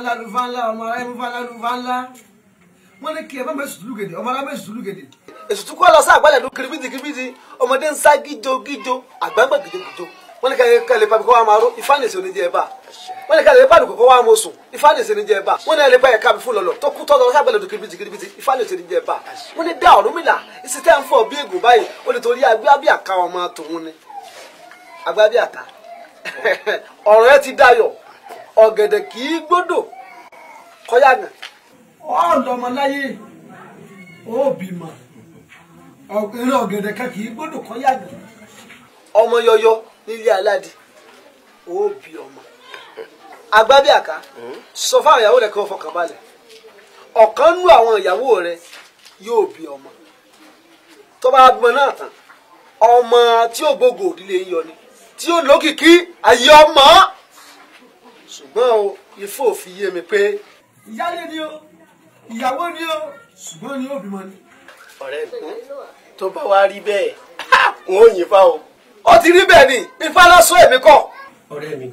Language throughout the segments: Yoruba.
ńlá lufa ńlá ọmọ ara mufa ńlá lufa ńlá wọn ní kí ẹ bá mẹ sùtúlù gèdè ọmọ ara mẹ sùtúlù gèdè. èsùtú kọ́ lọ sí àgbálẹ̀ ló kiribidi kiribidi ọmọdé ń sá gíjo gíjo àgbàgbà gíjo gíjo wọn ní kẹlẹ pàbí kó wà máa ró ìfánìsì oníjẹ ẹ bá wọn ní kẹlẹ pàbí kó wà máa sùn ìfánìsì oníjẹ ẹ bá wọn ní ẹlẹ bá yẹ kábi fún lọlọ tó kú tọ́ lọ sábẹ́ lọ́dún kiribiti kiribiti ìfánìsì oníjẹ ẹ bá wọn ní dá ọ̀rún mìlá ìsì tẹ́ ń fọ bí ègùn báyìí ó lè torí ni agbé àbí àká ọ̀rọ̀ ẹ ti dayọ̀ ọ̀gẹ̀dẹ̀ kì í gbódò kọ́yà nà. ọ̀dọ́mọláyé ó bímọ eré ọ̀gẹ̀dẹ̀ kan kì í gbódò kọ́yà nà. ọmọ yọyọ nílé aládìí ó bí ọmọ agbábíàká sọ fún àwọn ìyàwó rẹ kí wọn fọkàn balẹ̀ ọ̀kan nú àwọn ìyàwó rẹ yóò bí ọmọ tó bá gbọ́n náà tán ọmọ tí ó gbogbo òdílé yọ ni tí ó lókìkí ayé ọmọ ṣùgbọ́n o ifá ò fi yé mi pé. ìyáálé ni o ìyàwó ni o ṣùgbọ́n ni ó bímọ ni. ọ̀rẹ́ mi tó bá wá rí bẹ́ẹ̀ n ó yìn fa o ó ti rí bẹ́ẹ̀ ni ifá lọ́sọ̀ èmi kọ́. ọ̀rẹ́ mi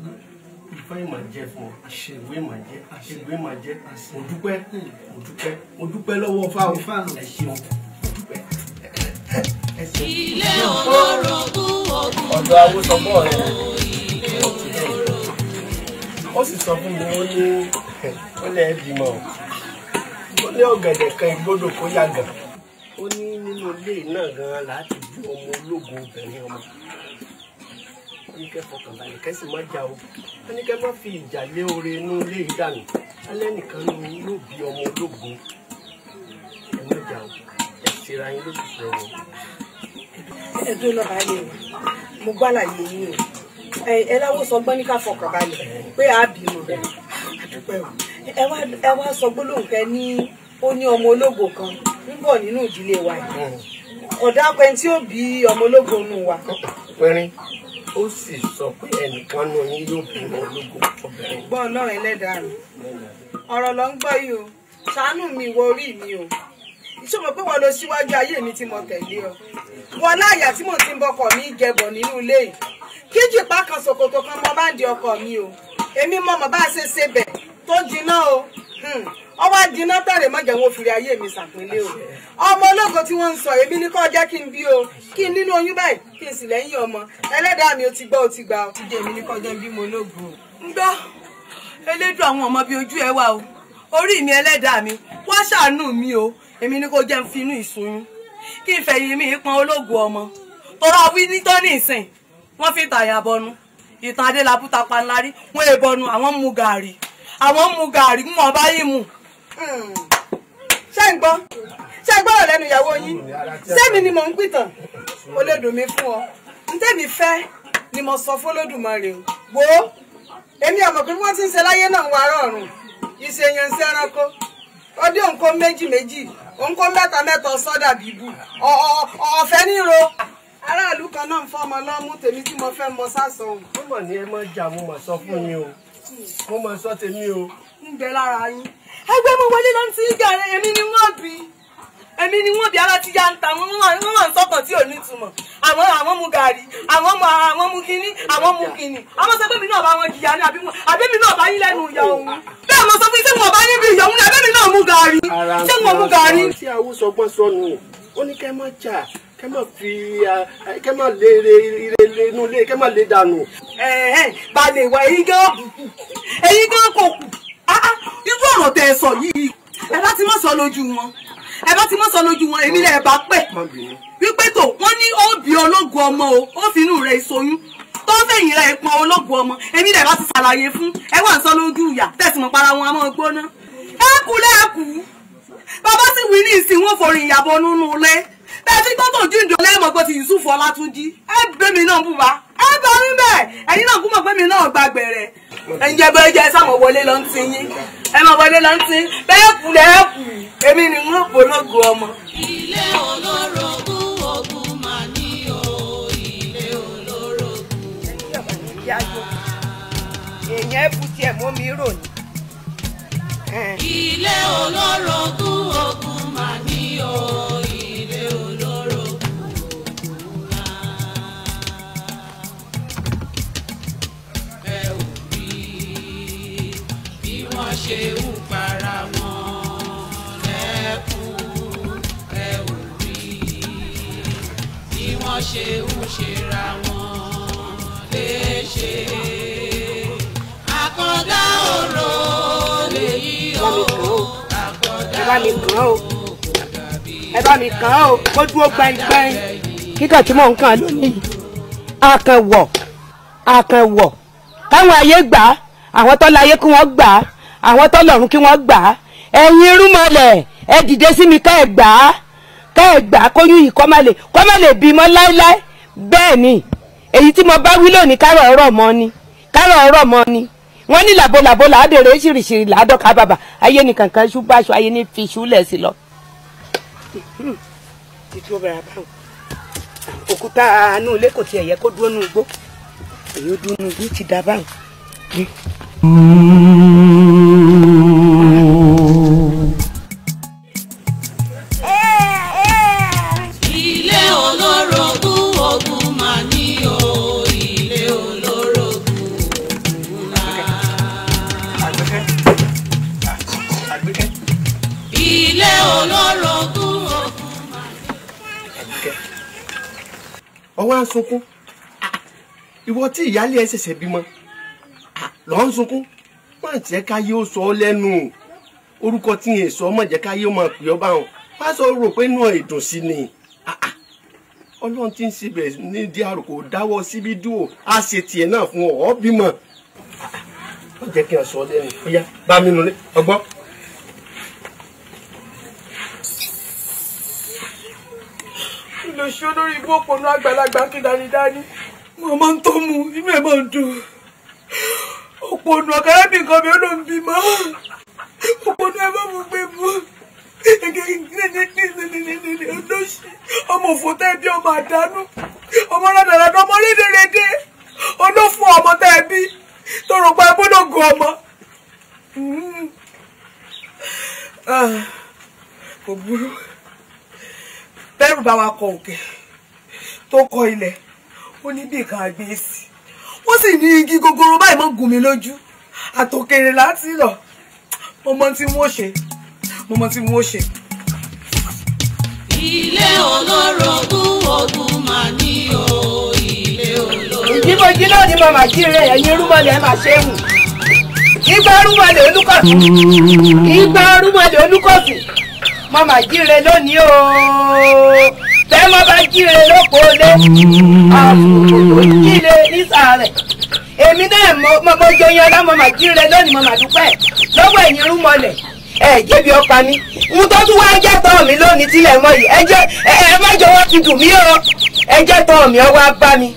ifá ìmọ̀ jẹ́ fún ọ àṣewé ìmọ̀ jẹ́ àṣewé ìmọ̀ jẹ́ mo dúpẹ́ mo dúpẹ́ mo dúpẹ́ lọ́wọ́ fáwọn fáwọn ẹ̀ ṣeun ilé olórogún ogun ilé olórogún ilé olórogún ó sì sọ fún mi ó ní ó lẹ́ bímọ ó ní ọ̀gẹ̀dẹ̀ kan ìgbódò kó yàgàn ó ní nínú ilé náà gan-an láti bí ọmọ ológun obìnrin ọmọ ní kẹ́ fọkàn balẹ̀ má jà o ẹni kẹ́ má fi ìjà lé oore inú ilé yìí dànù alẹ́ nìkan ni yóò bí ọmọ ológun ẹ má jà o ẹ ṣera yín lóṣù tó wọ. ẹ dúró lọ́ba yẹn mo gbọ́ àlàyé yín o. Eh, ẹ láwọ sọ gbọ́n ní ká fọkàn balẹ̀ pé a bímọ ẹ wá sọ gbólóhùn kẹ ní ó ní ọmọ ológo kan ń bọ̀ nínú ìdílé wa hmm. ọ̀dà pẹ́ tí ó bí ọmọ ológo nù wa. pẹ́rín ó sì sọ pé ẹnìkan nù yín yóò bí ọmọ ológo ẹlẹ́dàá rẹ̀ ọ̀rọ̀ ló ń gbọ́ ṣé mo pé wọn lọ síwájú ayé mi tí mo tẹ̀lé ọ wọn láàyà tí mo ti ń bọkọ mi jẹbọ nínú ilé yìí kíjìpá kan ṣòkòtò kan mo bá ń di ọkọ mi o èmi mọ mọ bá ṣe ṣe bẹ tó jiná o hmm. wá jiná tàrẹ mọ́jẹ̀ wọn ayé mi ṣàpínlẹ̀ o ọmọ ológo tí wọ́n ń sọ èmi ní kọ́ jẹ́ kí n bí o kí n nínú oyún báyìí kí n sì lẹ́yìn ọmọ ẹlẹ́dàá mi ò ti gbọ́ ò ti èmi ni kò jẹ́ ń finú ìsoyún kí ìfẹ̀yìn mi pọn ológun ọmọ tọ́lá wí nítorí ìsìn wọ́n fi tàyà bọnu ìtàn adélabúta panlárí wọ́n è bọnu àwọn mu gàárì àwọn mu gàárì mú ọba yìí mu. ṣé ń gbọ́ ṣé ń gbọ́rọ̀ lẹ́nu ìyàwó yín sẹ́mi ni mò ń pìtàn olódùn fún ọ ntẹ́mi fẹ́ ni mo sọ fún Olódùmarè o wo èmi ọmọ pé wọ́n ti ń ṣe láyé náà wà rọrùn ìṣèyàn ṣẹranko ọdún nǹkan méjì méjì nǹkan mẹ́ta mẹ́ta ọ̀sán dàbí ibù ọ̀fẹ́ níro aráàlú kan náà ń fọmọ lọ́mú tèmi tí mo fẹ́ mọ sásọ mo mọ̀ ní ẹ jà mo sọ fún mi o mo mọ̀ sọ tèmi o. ń bẹ lára yín ẹgbẹ́ mo wọlé lọ́n ti ń èmi ni wọ́n bí i. èmi ni wọn bí ara ti ya ń ta wọn wọn wà ń sọkàn tí ò ní túmọ̀ àwọn àwọn mu gàrí àwọn mu àwọn mu kínní àwọn mu kínní àwọn sọ pé mi náà bá wọn jìyà ni àbí wọn àbí mi náà bá yín lẹ́nu ìyá òun bẹ́ẹ̀ mo sọ fún yín sẹ wọn bá yín bí ìyá òun ni àbí mi náà mu gàrí sẹ wọn mu gàrí. tí àwùjọ gbọ́n sọnù ó ní kẹ́ má jà kẹ́ má fi kẹ́ má lé ire inú ilé kẹ́ má lé dànù. balẹ̀ wà ẹ̀yin gan ẹ̀yin gan kò ẹ bá ti mọ́ sọ lójú wọn èmi lẹ̀ bá pè wípé tó wọ́n ní ó bí ológun ọmọ o ó fi inú rẹ̀ ìsoyún tó fẹ̀yìn rẹ̀ pọn ológun ọmọ èmi lẹ̀ bá ti ṣàlàyé fún ẹ wà ń sọ lójú ìyá tẹ̀sí mọ́ para wọn a máa gbóná ẹ kú lẹ́ẹ̀kú bàbá sì wí ní ìsìn wọn forin ìyàbọ̀ nínú ilé bẹ́ẹ̀ tí gbọ́dọ̀ jíǹde lẹ́mọ̀ pé ti Yusuf Ọlátúnjí ẹ bẹ́mi náà bùbá ẹ bá mi bẹ́ẹ̀ ẹ̀yin náà kú mọ̀ pé mi náà gbàgbẹ̀rẹ̀ ẹ̀ǹjẹ́ bẹ́ẹ̀ jẹ́ sáwọn wọlé lọ ń ti yín ẹ máa wọlé lọ ń ti bẹ́ẹ̀ kù lẹ́ẹ̀ kù èmi ni wọ́n pò lógo ọmọ. ilé olórogún ogun máa ní o ilé olórogún máa. èèyàn ẹ bu tiẹ̀ mọ́ mi rò ní. ilé olórogún ogun máa ní o. wọ́n ṣe ń ṣera wọn léṣe. àkàndá òrò lèyí o àkàndá òrò ẹ bá mi kàn án o kó dúró gbẹngbẹng kíkà tí mò ń kàn lónìí akànwọ̀ akànwọ̀ káwọn ayé gbà á àwọn tó láyé kí wọ́n gbà á àwọn tó lọ́run kí wọ́n gbà á ẹ̀yin irúmọlẹ̀ ẹ dìde sí mi ká ẹ gbà á. kẹ́ ẹ̀ gbà kóyún yìí kọ́ má lè kọ́ má lè bímọ láéláé bẹ́ẹ̀ ni èyí tí mo bá wí lónìí kárọ̀ ọ̀rọ̀ ni kárọ̀ ọ̀rọ̀ ni wọ́n ní làbọ̀làbọ̀ làádèrè ṣìrìṣìrì làádọ́ka bàbà ni kankan ṣú aṣọ ayé ni fi ṣú lẹ̀ sí lọ. ọwọ́ ń sunkún ìwọ tí ìyáálé ẹ ṣẹ̀ṣẹ̀ bímọ lọ ń sunkún má jẹ́ káyé ó sọ ọ́ lẹ́nu orúkọ tí yẹn sọ má jẹ́ káyé ó máa pè ọ́ báwọn má sọ rò pé inú ìdùn sí ni ọlọ́run tí ń ṣe bẹ̀rẹ̀ ní di àròkò dáwọ́ síbí dúró á ṣe tiẹ̀ náà fún ọ bímọ ó jẹ́ kí n sọ ọ́ lẹ́nu ó bá mi nulẹ̀ ọgbọ́n. lọ ṣe olórí ibú òpònú àgbàlagbà kí dánidáni wọn máa ń tó mu inú ẹ máa ń dùn òpònú ọ̀kàrẹ́bì nǹkan mi ó ló ń bímọ òpònú ẹ máa mú gbé mú ọmọ òfòtẹ́ bí ọmọ àdánù ọmọ ládàládà ọmọ rédèrèdè olófò ọmọ tẹ́ ẹ bí tọrọ pa ẹ gbọ́dọ̀ gọ ọmọ hmm. ah, kò burú bẹ́rù bá wa kọ òkè tó kọ ilẹ̀ ó ní bí nǹkan àgbẹ̀ sí wọ́n sì ní igi gogoro báyìí mọ́ gùn mí lójú àtòkèrè láti lọ mo tí wọ́n ṣe mo tí wọ́n ṣe. ilé olórogún ogun máa ní o ilé olórogún. ìdìbò jí náà ni màmá jí rẹ ẹ̀yin rúmọlẹ̀ ẹ̀ máa ṣe é wù. ìgbà rúmọlẹ̀ olúkọ̀sì ìgbà rúmọlẹ̀ olúkọ̀sì mo mà jíire lónìí o tẹ́ mo bá jíire lóko lé àfùkù jíire nísàlẹ̀ èmi náà mo mo joyin ọlá mo mà jíire lónìí mo mà dúpẹ́ lọ́wọ́ ẹ̀yin rúmọlẹ̀ ẹ jẹ̀bi ọpa mi mo tó tún wá jẹ́ tọ́ mi lónìí tilẹ̀ mọ́ yìí ẹ jẹ́ ẹ má jọ wọ́n ti dùn mí o ẹ jẹ́ tọ́ mi ọwọ́ abá mi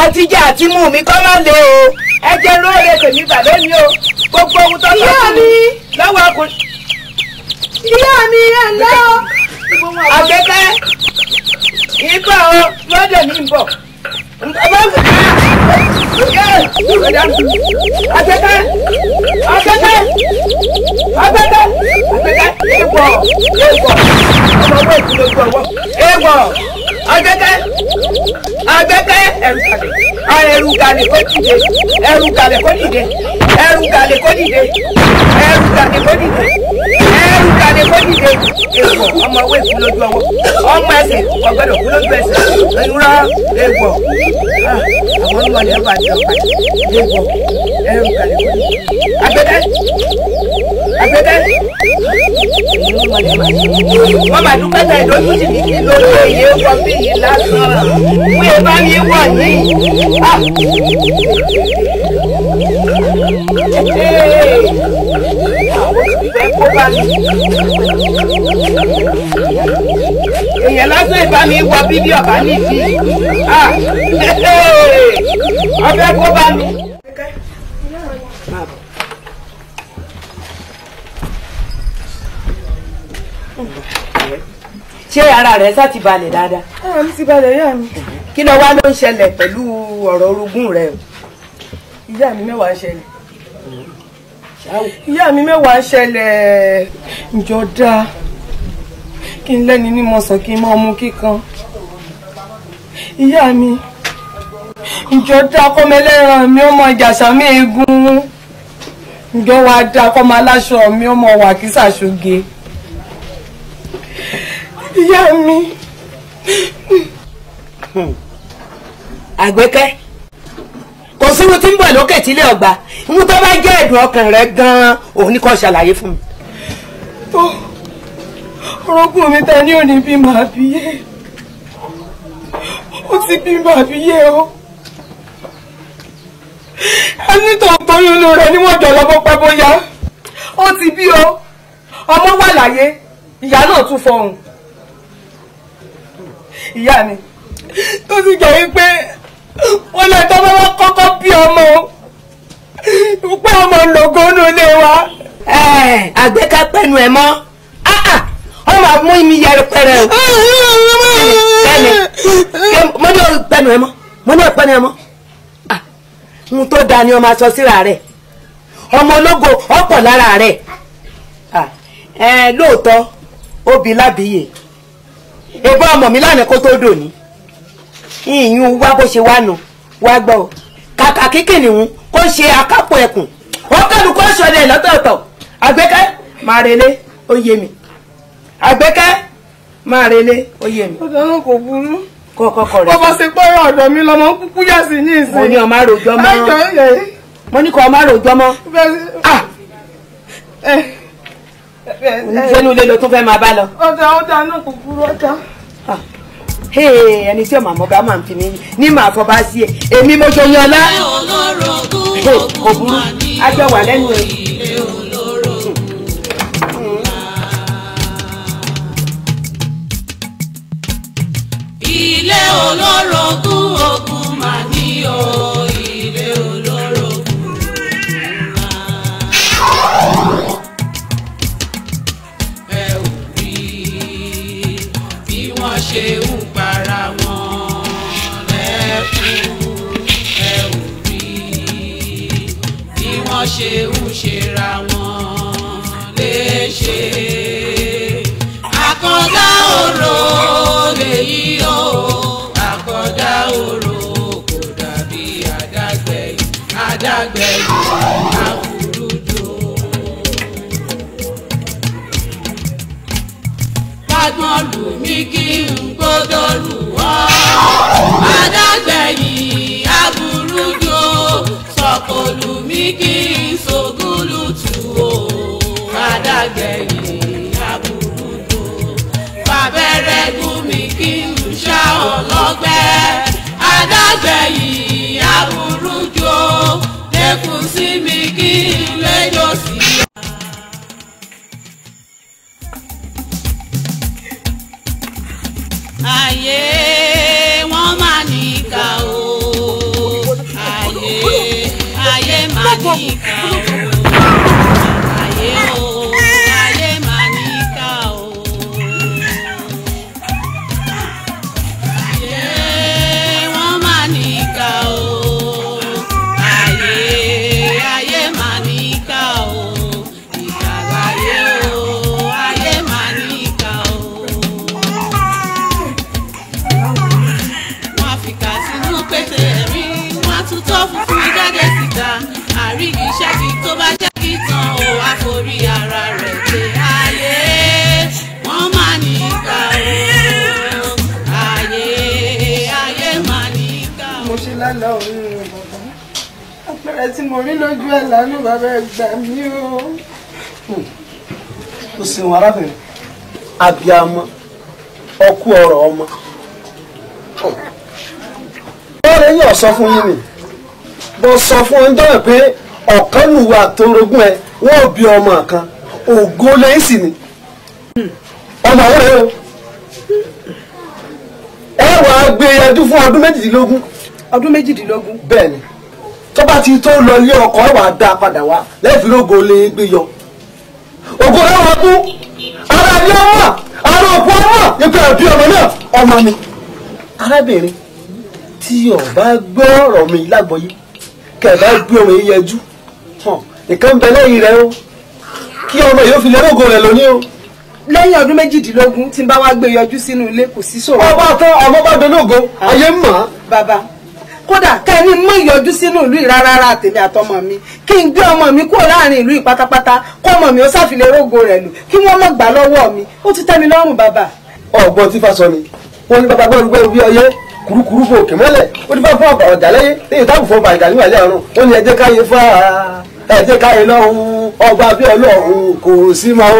àtijọ́ àti mú mi kọ́ má le o ẹ jẹ́ lóore tèmi bà lónìí o gbogbo ohun tó lọ́wọ́ mi lọ́wọ́ ọkùnrin ìyá mi ẹ̀ lẹ́ o. àgbẹ̀kẹ́ ìgbà o lọ́dọ̀ mi ń bọ̀. àgbẹ̀kẹ́ àgbẹ̀kẹ́ àgbẹ̀kẹ́ àgbẹ̀kẹ́ ìwọ̀ ìwọ̀ ọmọ ọwọ́ ìdílé gbọ̀ ọwọ́ ìwọ̀ àgbẹ̀kẹ́ agbẹ́gbẹ́ ẹ̀rù kalẹ̀ ẹ̀rù kalẹ̀ kó dìde ẹ̀rù kalẹ̀ kó dìde ẹ̀rù kalẹ̀ kó dìde ẹ̀rù kalẹ̀ kó dìde ẹ̀rù kalẹ̀ kó dìde èèwọ̀ ọmọ owó èkú lójú ọwọ́ ọmọ ẹsẹ̀ ọgbẹ́dọ̀ kú lójú ẹsẹ̀ ẹ̀yúrọ̀ èèwọ̀ ah, àwọn ọmọlẹ̀ ẹ̀wọ̀ àti ọ̀pá èèwọ̀ ẹ̀rù kalẹ̀ kó dìde agbẹ́gbẹ́ agbẹ́gbẹ́ wọ́n máa dúpẹ́ tẹ̀ lójú ti ní kí lóore yìí ó kọ́ bí yìí lásán wíì lè ah. bá mi wà yìí. èèyàn lásán ìbá mi wọ bíbí ọba níbi ọbẹ̀ kó bá mi. ṣé ara rẹ̀ sá ti balẹ̀ dáadáa. ara mi ti balẹ̀ yá mi kí ló wá ló ń ṣẹlẹ̀ pẹ̀lú ọ̀rọ̀ orogún rẹ o ìyá mi mẹ́wàá ń ṣẹlẹ̀ ìyá mi mẹ́wàá ń ṣẹlẹ̀ ǹjọ́ dáa kí n lẹ́ni ní mọ̀sán kí n máa mú kíkan ìyá mi ǹjọ́ dáa kọ́ mi ọmọ ìjàsà mi eégún ǹjọ́ wa dáa kọ́ máa mi ọmọ wàkísà ṣoge ìyá mi. Hmm. àgbẹ̀kẹ́ kò síwú tí ń bọ̀ lókè tí ilé ọgbà ìwú tó bá jẹ́ ẹ̀dùn ọkàn rẹ gan-an òun ní kò ṣàlàyé fún mi. orogún mi ta ni ò ní bí màá bí yé ó ti bí màá bí yé o ẹni tó ń torí inú rẹ ni wọ́n jọ lọ́bọ́ pẹ́ bóyá ó ti bí o ọmọ wà láyé ìyá náà tún fọhùn ìyá mi. tó sì wípé wọ́n lọ tọ́ bá kọ́kọ́ bí ọmọ pé ọmọ lògónú wa. àgbékápẹ́nu ẹ̀ mọ́ ah, ah, wọ́n máa mú mi yẹ pẹrẹ o kẹ́ni mo ní òpẹnu ẹ mọ́ mo ní òpẹnu ẹ mọ́ ah, ohun tó da ọmọ aṣọ síra rẹ ọmọ ológo ọ̀pọ̀ lára lóòótọ́ obì lábìyè ọmọ mi lánàá kó ìyún wá bó ṣe wá nù wá gbọ́ ọ kàkà kíkì nìhun kó ṣe akápò ẹkùn ó kàlù kó ṣọlẹ̀ lọ́tọ̀ọ̀tọ̀ àgbẹ̀kẹ́ máa relé ó yé mi àgbẹ̀kẹ́ máa relé ó yé mi. ọ̀dọ́ náà kò burú kọ́kọ́kọ́ rẹ̀. bọ́bá ṣe pé ọ̀dọ̀ mi lọmọ kúkú yà sí ní ìsìn. mo ní ọmọ àròjọ mọ́ mo ní kọ́ ọmọ àròjọ mọ́ sẹ́nu ilé lo tún fẹ́ máa bá lọ. ọ̀dà ọ̀dà náà kò burú ọ̀dà ẹni tí ọmọ àmọ́ bá máa ń fi mí ní màá fọba sí ẹ èmi mo ṣoyún ọlá kò burú ajọ wà lẹ́nu ẹ. ilé olórogún ogun mà ní o. lù mí kí n kó dọ́lù wọ́. adágbẹ̀yìn aburú jò sọ̀kò lù mí kí n sògúlù tù o. adágbẹ̀yìn aburú jò fàbẹ́rẹ́ gún mi kí n ṣá ọlọ́gbẹ́. adágbẹ̀yìn aburú jò dẹ́kun sí mi kí n lẹ́jọ́ ayé wọ́n máa ní ìka o ayé ayé máa ní ìka o. rẹ tí mo rí lójú ẹ̀ lánàá bàbá o. o ṣeun arábìnrin abiyamọ ọkú ọrọ ọmọ bọ́ọ̀rẹ́ yìí sọ fún yín ni sọ fún ọ pé ọ̀kan nùwà tó rogún ẹ wọ́n bí ọmọ kan ògo lẹ́yìn sì ni ọmọ àwọn o ẹ wàá gbé ẹdún e fún ọdún méjìdínlógún. ọdún méjìdínlógún. tó bá ti tó lọ ilé ọkọ ẹ wàá dá padà wá lẹ́ẹ̀fì lógo lè gbé yọ. ògo ẹ wàá kú ara ilé ọmọ ara òkú ọmọ ipa ẹbí ọmọ náà ọmọ mi. arábìnrin tí ọba gbọ́ ọ̀rọ̀ mi lágbọ́yé kẹ̀bá gbé òun yẹjú nǹkan bẹ lẹ́yìn rẹ o kí ọmọ yóò fi lẹ́rọ̀gọ rẹ lónìí o. lẹ́yìn ọdún méjìdínlógún tí n bá wá gbé yọjú sínú ilé kò sí ṣòro. ọba tán ọmọ bá dológo ah. ayé ń mọ̀. bàbá kódà kẹrí mọ ìyọjú sínú ìlú ìrárá tèmi àtọmọ mi kí n gbé ọmọ mi kúrò láàrin ìlú ìpátápátá kọmọ mi ó sàfilẹ rógo rẹ lù kí wọn mọ gbà lọ́wọ́ mi ó ti tẹ́ mi lọ́rùn bàbá. ọgbọ́n tí fásọ ni wọn ní bàbá gbọ́dọ̀ gbẹ́rù bí ọyẹ́ kurukuru bò kèmọ́lẹ̀ ó ti fẹ́ fún ọgbà ọ̀dà lẹ́yìn lẹ́yìn táàbù fún ọgbà ọ̀dà níwà ilé ọ̀run ó ní ẹ jẹ́ káyé fún ẹ jẹ́ káyé lọ́hùn-ún ọgbà bí ọlọ́hùn kò sí máa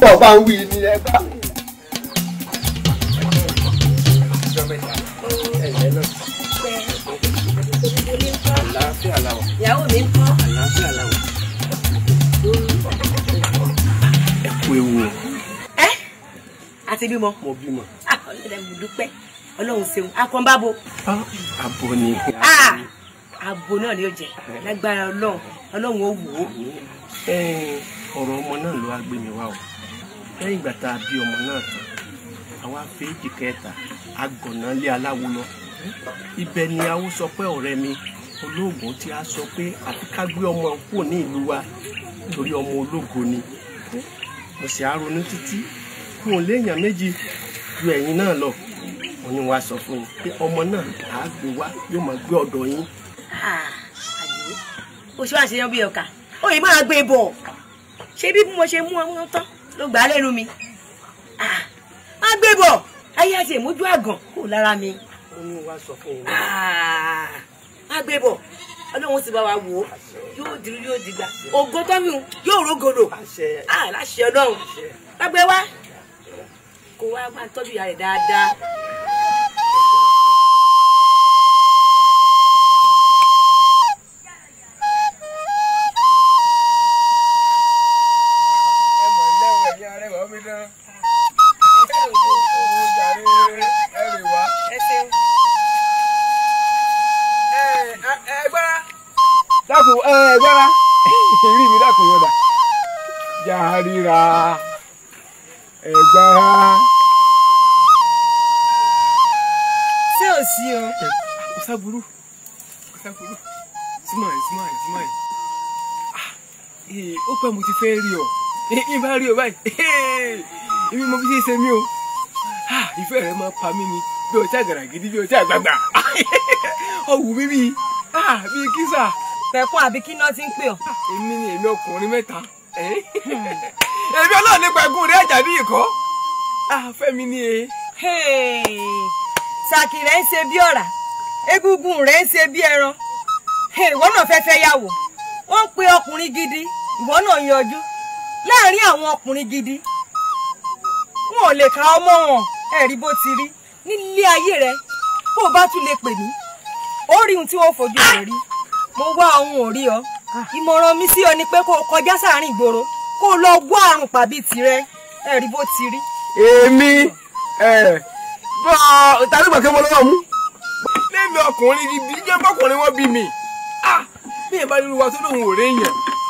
ń ọgbà ń wí ní ẹgbàá. ẹkú ewu ẹ àti bímọ. mo bímọ. Ah, ọlọ́run ṣeun akọ́nbábo. Ah, abo ni. Ah, abo náà ni ó jẹ lágbára ọlọ́run ọlọ́run ó wò ó. ọ̀rọ̀ ọmọ náà ló wá gbé mi wá o lẹ́yìn ìgbà tá a bí ọmọ náà tán àwa kẹta lé aláwo lọ ibẹ̀ ni pé ọ̀rẹ́ mi olóògùn tí a sọ pé àfi ká gbé ọmọ kúrò ní ìlú wa torí ọmọ ológo ni mo sì á ronú títí kí n léèyàn méjì ju ẹ̀yin náà lọ mo ní wàá sọ fún yín pé ọmọ náà á gbé wá yóò máa gbé ọ̀dọ̀ yín. oṣù ah, àṣeyàn bíi ọkà òye máa gbé bọ̀ ṣé bí mo ṣe mú ọmọ tán ló gbà á lẹ́nu mi ah, máa gbé bọ̀ ayé àti èmójú àgàn kò lára mi. mo ní wàá sọ fún yín ah á gbé bọ̀ ọlọ́run ti bá wa wò ó yóò dìrú yóò dìgbà ògo tọ́mì yóò rógòdò àláṣẹ ọlọ́run lágbé wá kó wá máa tọ́jú ìyá rẹ̀ dáadáa kọ́ mo ti fẹ́ rí ọ ìbá rí ọ báyìí ibi mo fi ṣe mí o ah, ìfẹ́ rẹ máa pa mí ni bí ọtí àgàrà gidi bí ọtí àgbàgbà ọwù mi bí ah, bí kísà. pẹ̀kọ́ àbí kí náà ti ń pè ọ́. Ah, èmi ni èmi ọkùnrin mẹ́ta hmm. èmi ọlọ́run nípa ẹ̀gún rẹ̀ ẹ̀jà bí ìkọ́ fẹ́mi ni e. sàkì rẹ̀ ń ṣe bí ọ̀rá egungun rẹ̀ ń ṣe bí ẹran ìwọ náà fẹ́ fẹ́ yàwó wọ́n ń pe ọkùnrin gidi ìwọ náà yanjú láàrin àwọn ọkùnrin gidi wọn ò lè ka ọmọ wọn ẹ̀rí bó ti rí nílé ayé rẹ bó o bá tún lè pè mí ó rí ohun tí wọn fojú rẹ rí mo wá ohun ò rí ọ ìmọ̀ràn mi sí ọ ni pé kó o kọjá sáàrin ìgboro kó o lọ wá àrùn pàbí tirẹ̀ ẹ̀rí bó ti rí. èmi bọ́ ìtàlùbọ̀ kí mo lọ́wọ́ mú. lẹ́mi ọkùnrin gidi jẹ́ bọ́kùnrin wọn bí mi ah, bí ìbá nínú wa tó lóun ò réyàn.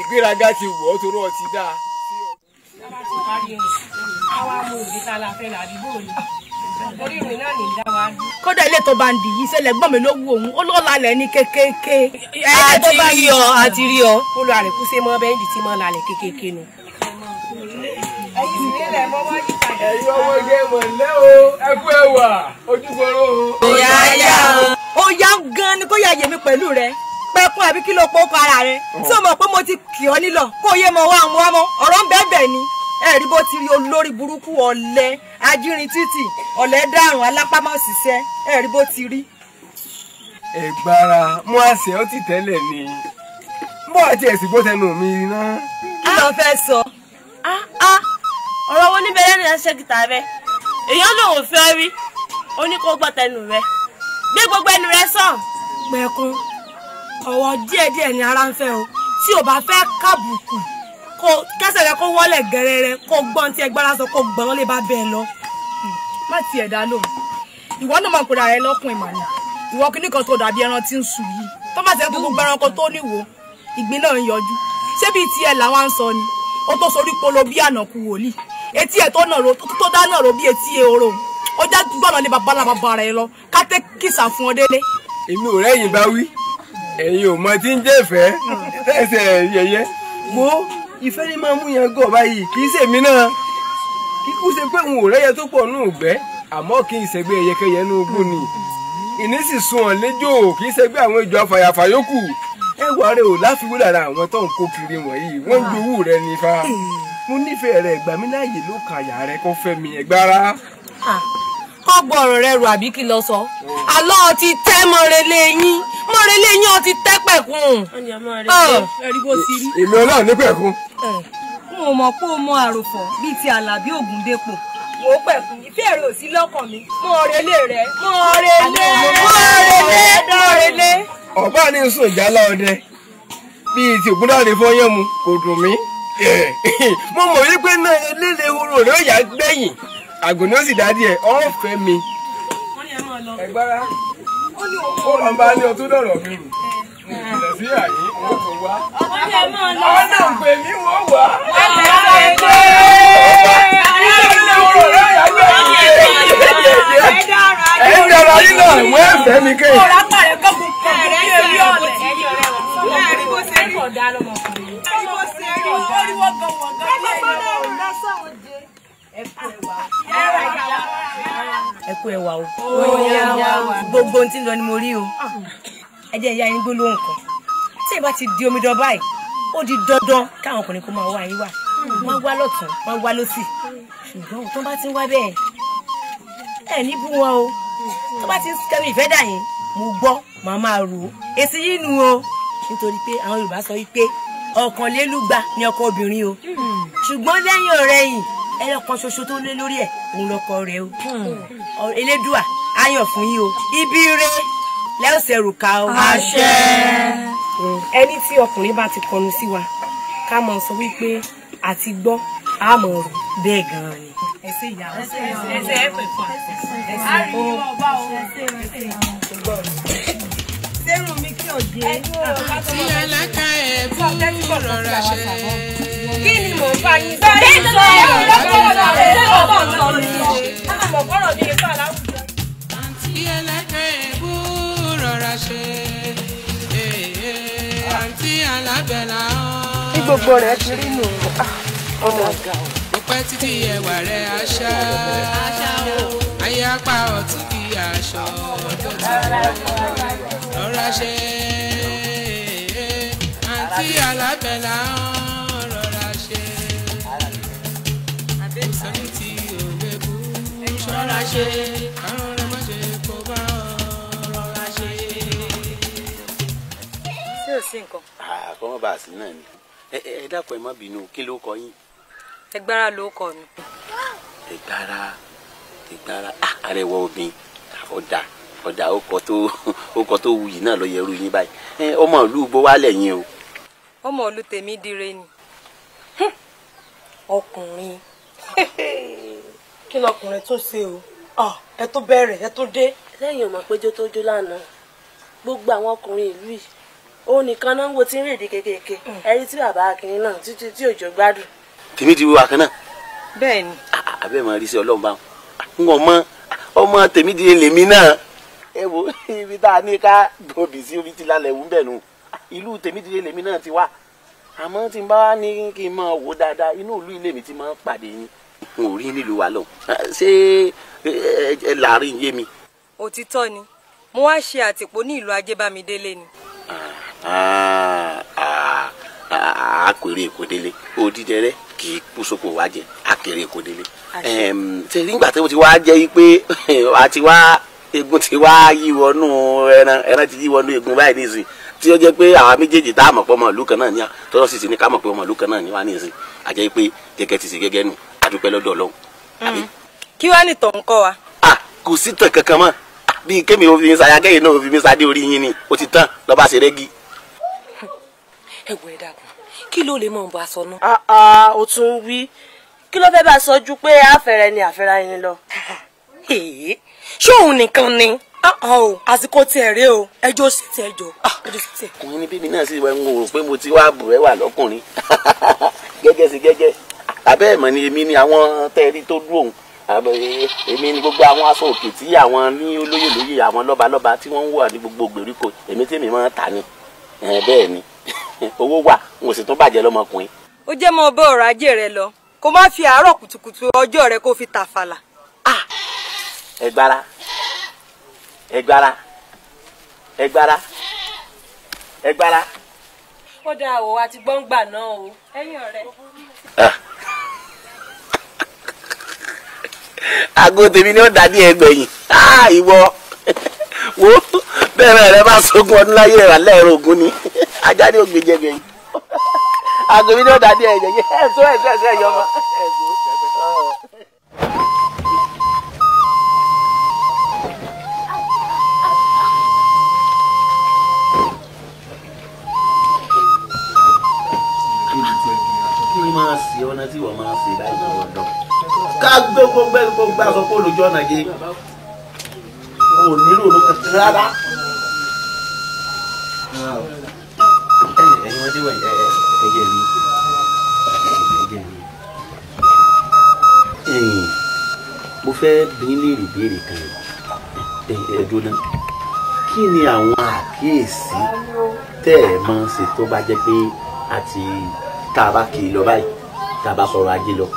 ìgbéraga ti wọ̀ ọ́ torọ́ ti dá. kódà ilé tó bá ń dì yìí ṣẹlẹ̀ gbọ́n ló wù òun ó lọ́ọ́ lálẹ́ ní kékèké. a ti rí ọ a ti rí ọ. ó lọ àrẹ̀kú sí mọ́ bẹ́ẹ̀ ń tí mọ́ lálẹ́ kékèké nu. ẹ̀yin ọmọge mọ̀lẹ́ o ẹ ẹwà ojúgbọ́rọ́ o. ó yá gan ni kó yá yèmí pẹ̀lú rẹ ẹkún àbí kí ló pọ̀ kọ ara rẹ tí oh. o mọ̀ pé mo ti kì ọ́ nílọ kó yé mọ wá mọ wá mọ ọ̀rọ̀ ń bẹ́ẹ̀ bẹ́ẹ̀ ni ẹ̀rí bó ti rí olórí burúkú ọ̀lẹ́ ajírin títì ọ̀lẹ́ dàrún alápámọ́ ṣiṣẹ́ ẹ̀rí bó ti rí. ẹ̀gbára mú àṣẹ ó ti tẹ́lẹ̀ ni bó àti ẹ̀sìn gbó tẹnu mi ná. kí ló fẹ́ sọ. Ah, ah. ọ̀rọ̀ wo ní bẹ́ẹ̀ ní ẹsẹ̀ kìtà rẹ èèyàn lòun fẹ́ rí oníkó gbọ́ tẹnu rẹ gbé gbogbo ẹnu rẹ sàn. pẹ̀kun ọ̀wọ́ díẹ̀díẹ̀ ni ara ń fẹ́ o tí o bá fẹ́ kábùkù kó kẹsẹ̀ rẹ kó wọlé gẹrẹrẹ kó gbọ́n tí ẹgbára sọ kó gbọ́n lè bá bẹ́ẹ̀ lọ. Hmm, má tiẹ̀ dá lóhùn ìwọ náà máa ń pèrè ààrẹ lọ́kùn ìmàlẹ̀ ìwọ kìíní kan tó dàbí ẹran tí ń sùn yìí tó bá ti ẹkú gbogbo ẹranko tó níwò ìgbín náà ń yọjú ṣé bíi tiẹ̀ làwọn ń sọ ni ó tó sorí polo bí ànàkú wòlíì etí ẹ̀ tó náà tó dá náà ro bí etí ehoro ó já gbọ́dọ̀ ní babalábàbà rẹ̀ lọ ká tẹ́ kìsà fún ọ délé. èmi ò rẹ́yìn bá wí ẹ̀yin ò mọ tí ń jẹ́fẹ́ ẹsẹ̀ yẹyẹ wo ìfẹ́ ni máa mú yẹn gọ̀ báyìí kì í ṣèmi náà kíkú ṣe pé òun ò rẹ́yẹ tó pọ̀ nù gbẹ́ àmọ́ kì í ṣẹgbẹ́ ẹyẹkẹyẹ nù gbó ni ìní sì sun ọ̀ léjò kì í ṣẹgbẹ́ àwọn ìjọ afàyàfà yòókù ẹwà rẹ ò láfiwé lára àwọn tó ń kó kiri wọ̀nyí wọ́n ń gbowó rẹ ní fa mo nífẹ̀ẹ́ rẹ ìgbà mi láàyè ló kàyà rẹ kó fẹ́ mi ẹ̀gbára. Ah má gbọ́ ọ̀rọ̀ rẹ rò àbí kí lọ sọ àlọ́ ọtí tẹ́ mọ̀rẹ́lẹ́ yín mọ̀rẹ́lẹ́ yín ọtí tẹ́ pẹ̀kun. èmi ọlọ́run ní pẹ̀kun. n ò mọ̀ pé o mọ àròfọ̀ bíi ti àlàbí ògúndépò mo pẹ̀kun ìfẹ́ rẹ ò sí lọ́kàn mi mọ̀rẹ́lẹ́ rẹ mọ̀rẹ́lẹ́ mọ̀rẹ́lẹ́ mọ̀rẹ́lẹ́. ọ̀bá ní sùn ìjálá ọdẹ bíi ti ògúndáre fọyẹ́mu kò dùn mí mo mọ̀ wípé náà eléle oró rẹ̀ ó yà gbẹ̀yìn àgùnà sì dádì ẹ ọ fẹ́ mi ẹgbára ó lọ bá ní ọtún dọ̀rọ̀ mi ìpìlẹ̀ sí àyín wọ́n tó wá ọ̀nà pè mí wọ́n wá. ẹ̀yin dára nínú àwọn ẹ̀fẹ́ mi kéè. ọ̀rá pàrẹ̀ gbọ́gbọ́n kan ní èmi ọ̀lẹ̀ ẹ̀yin ọ̀rẹ́ wọn. láàrin bó ṣe ń kọ̀ dá lọ́mọkùnrin. láàrin bó ṣe ń kọ̀ dá lọ́mọkùnrin ẹ kú ẹwà o gbogbo ohun tí ń lọ ni mo rí o ẹ jẹ́ ìyá yín gbólóhùn kan tí ẹ bá ti di omidan báyìí ó di dandan káwọn ọkùnrin kó máa wá yín wá wọ́n wá lọ́tún wọ́n wá lọ́sì ṣùgbọ́n tó bá ti ń wá bẹ́ẹ̀ ẹ ní bú wọn o tó bá ti ń kẹ́mi ìfẹ́ dà yín mo gbọ́ màá máa rò ó èsì yìí nu o nítorí pé àwọn Yorùbá sọ wípé ọ̀kànlélúgba ni ọkọ obìnrin o ṣùgbọ́n lẹ́yìn ọ̀rẹ́yìn ẹyọ kan ṣoṣo tó lé lórí ẹ òun lọkọ rẹ o elédùà ayọ̀ fún yín o ibi rẹ lẹ́ọ̀sẹ̀ rùkà o. àṣẹ. ẹni tí ọkùnrin bá ti kọnu sí wa ká mọ sọ wípé àti gbọ́ àmọ̀ rò bẹ́ẹ̀ gan-an ni. ẹsẹ̀ ìyàwó ẹsẹ̀ ẹsẹ̀ ẹ̀fẹ̀ kan ẹsẹ̀ ó sẹ́rùn mi kí òde. ẹni ó bá tó lọ sí ẹlẹ́ka ẹ̀ bí rọra ṣe kí ni mò ń bá yín sọ. bẹ́ẹ̀ ni sọ ọ́ lọ́kọ̀ ọ̀dọ̀ rẹ̀ ṣé ọ̀bọ̀ ń sọ ní ṣe. àmọ̀ kọ́rọ̀ ní ifá láwùjọ. àǹtí ẹlẹ́kẹ̀ èébú rọra ṣe àǹtí alábẹ̀là ọ́. bí gbogbo rẹ̀ ti rí nù ọmọ ọ̀gá o. ọpẹ́ títí ẹwà rẹ̀ àṣà ayé apá ọ̀tún kì í aṣọ tó ti rọra ṣe àǹtí alábẹ̀là ọ́. rọra ṣe àrùn rẹ má ṣe kó bá rọra ṣe. ṣé ò sí nǹkan. kọ́ mọ́ bá a sí náà ni ẹ dákun ẹ má bínú kí ló kọ yín. ẹgbára ló kọ mi. ẹgbára ẹgbára àrẹwọ obìnrin ọ̀dà ọ̀dà ọkọ̀ tó wuyì náà lọ yẹrù yín báyìí ọmọ ìlú gbó yín o. ọmọ ìlú tèmi dire ni ọkùnrin. kí lọkùnrin tún ṣe o ẹ tó bẹ̀rẹ̀ ẹ tó dé. lẹ́yìn ọmọ péjọ tó jó lánàá gbogbo àwọn ọkùnrin ìlú yìí òun nìkan náà ń wo tí ń rèdí kékèké mm. ẹrí tí bàbá akínní náà títí tí òjò gbádùn. tèmi ti wo àkànnà. bẹ́ẹ̀ni. àbẹ́ máa rí sí ọlọ́run bá ń wọ́n mọ́ ọmọ tèmi di lèmi náà ẹ wo ibi tá a ní ká gbòbì sí omi ti lálẹ́ wù bẹ́ẹ̀ nù ìlú tèmi di lèmi náà ti wá àmọ́ tí n bá ní kí n máa wò dáadáa inú ìlú ilé mi ti máa ń pàdé yín n ò rí nílùú wa lọ ṣé ẹ láàrin yé mi. òtítọ́ ni mo wá ṣe àtìpó ní ìlú ajébámidélé ni. àkèrè èkó délé òdìdẹrẹ kì í kú sóko wá jẹ àkèrè èkó délé. ṣe nígbà tí mo ti wá jẹ́ pé a ti wá egun ti wá yí wọnú ẹran ẹran ti yí wọnú egun báyìí nísìnyí tí ó jẹ́ pé àwa méjèèjì tá a mọ̀ pé ọmọ ìlú kan náà ni tọ́lọ́sì sí ni ká mọ̀ pé ọmọ ìlú kan náà ni wá ní ìsìn àjẹ́ pé gẹ́gẹ́ ti ṣe gẹ́gẹ́ nù dúpẹ́ lọ́dọ̀ Ọlọ́run. kí wàá ní tọ̀hún kọ́ wa. a ah, kò sí tàn kankan mọ́ bíi kémi ò fi mi sáyà kẹ́yìn náà ò fi mi sáyà dé orí yín ni ó ti tán lọ́ba ṣe rẹ́gí. ẹ wọ ẹ dàgbọn kí ló lè mọ bá a sọ náà. Ah, ah, tún wí kí ló fẹ́ bá a sọ ju pé àfẹ́rẹ́ ni àfẹ́rẹ́ yín lọ. ṣé òun nìkan ni àsìkò tiẹ̀ rí o ẹjọ́ sì tiẹ̀ jọ. ọkùnrin ni bíbí náà sì wá ń wò ó pé mo ti wá bùrẹ́ wà lọ́kùnrin gẹ́gẹ́ sí gẹ́gẹ́ abẹ́ ẹ̀mọ́ ni èmi ni àwọn tẹ́ẹ̀rí tó dúró òun èmi ni gbogbo àwọn aṣọ òkè tí àwọn ní olóyè lóyè àwọn lọ́ba lọ́ba tí wọ́n ń wà ní gbogbo gbèríko èmi tí èmi máa ta ni bẹ́ẹ̀ ni owó wà n ò sì tún bàjẹ́ lọ́mọkùnrin. ó jẹ́ mọ bá ọ̀rọ̀ ajé rẹ lọ kó má fi àárọ̀ kùtùkùtù ọjọ́ rẹ kó fi tàfàlà. ẹgbára ẹgbára ẹgbára ẹgbára. ó dáa o àti gbọ́ngbà náà o ẹ̀yin ọ̀rẹ́. Ah! àgọ́ tèmi ni ó dàdí ẹgbẹ̀yìn ah, ìwọ wo bẹ́ẹ̀ rẹ bá sógun ọdún láyé rẹ̀ lẹ́ẹ̀rọ ògún ni ajá ni ó gbé jẹ gbẹ̀yìn àgọ́ mi ni ó dàdí ẹgbẹ̀yìn ẹ̀sọ́ ẹ̀sọ́ ẹ̀sọ́ ẹ̀yọ́ ọmọ. máa ṣe ọ̀nà tí wọ́n máa ṣe ká gbé gbogbo gbogbo aṣọ kó lójú ọ̀nà yìí kò nílò ló kàn rárá. mo fẹ́ bí ní ìbéèrè kan ẹ̀ẹ́dúná kí ni àwọn àkíyèsí tẹ́ ẹ̀ máa ń ṣe tó bá jẹ́ pé àti tá a bá kiri lọ báyìí tá a bá sọ̀rọ̀ ajé lọ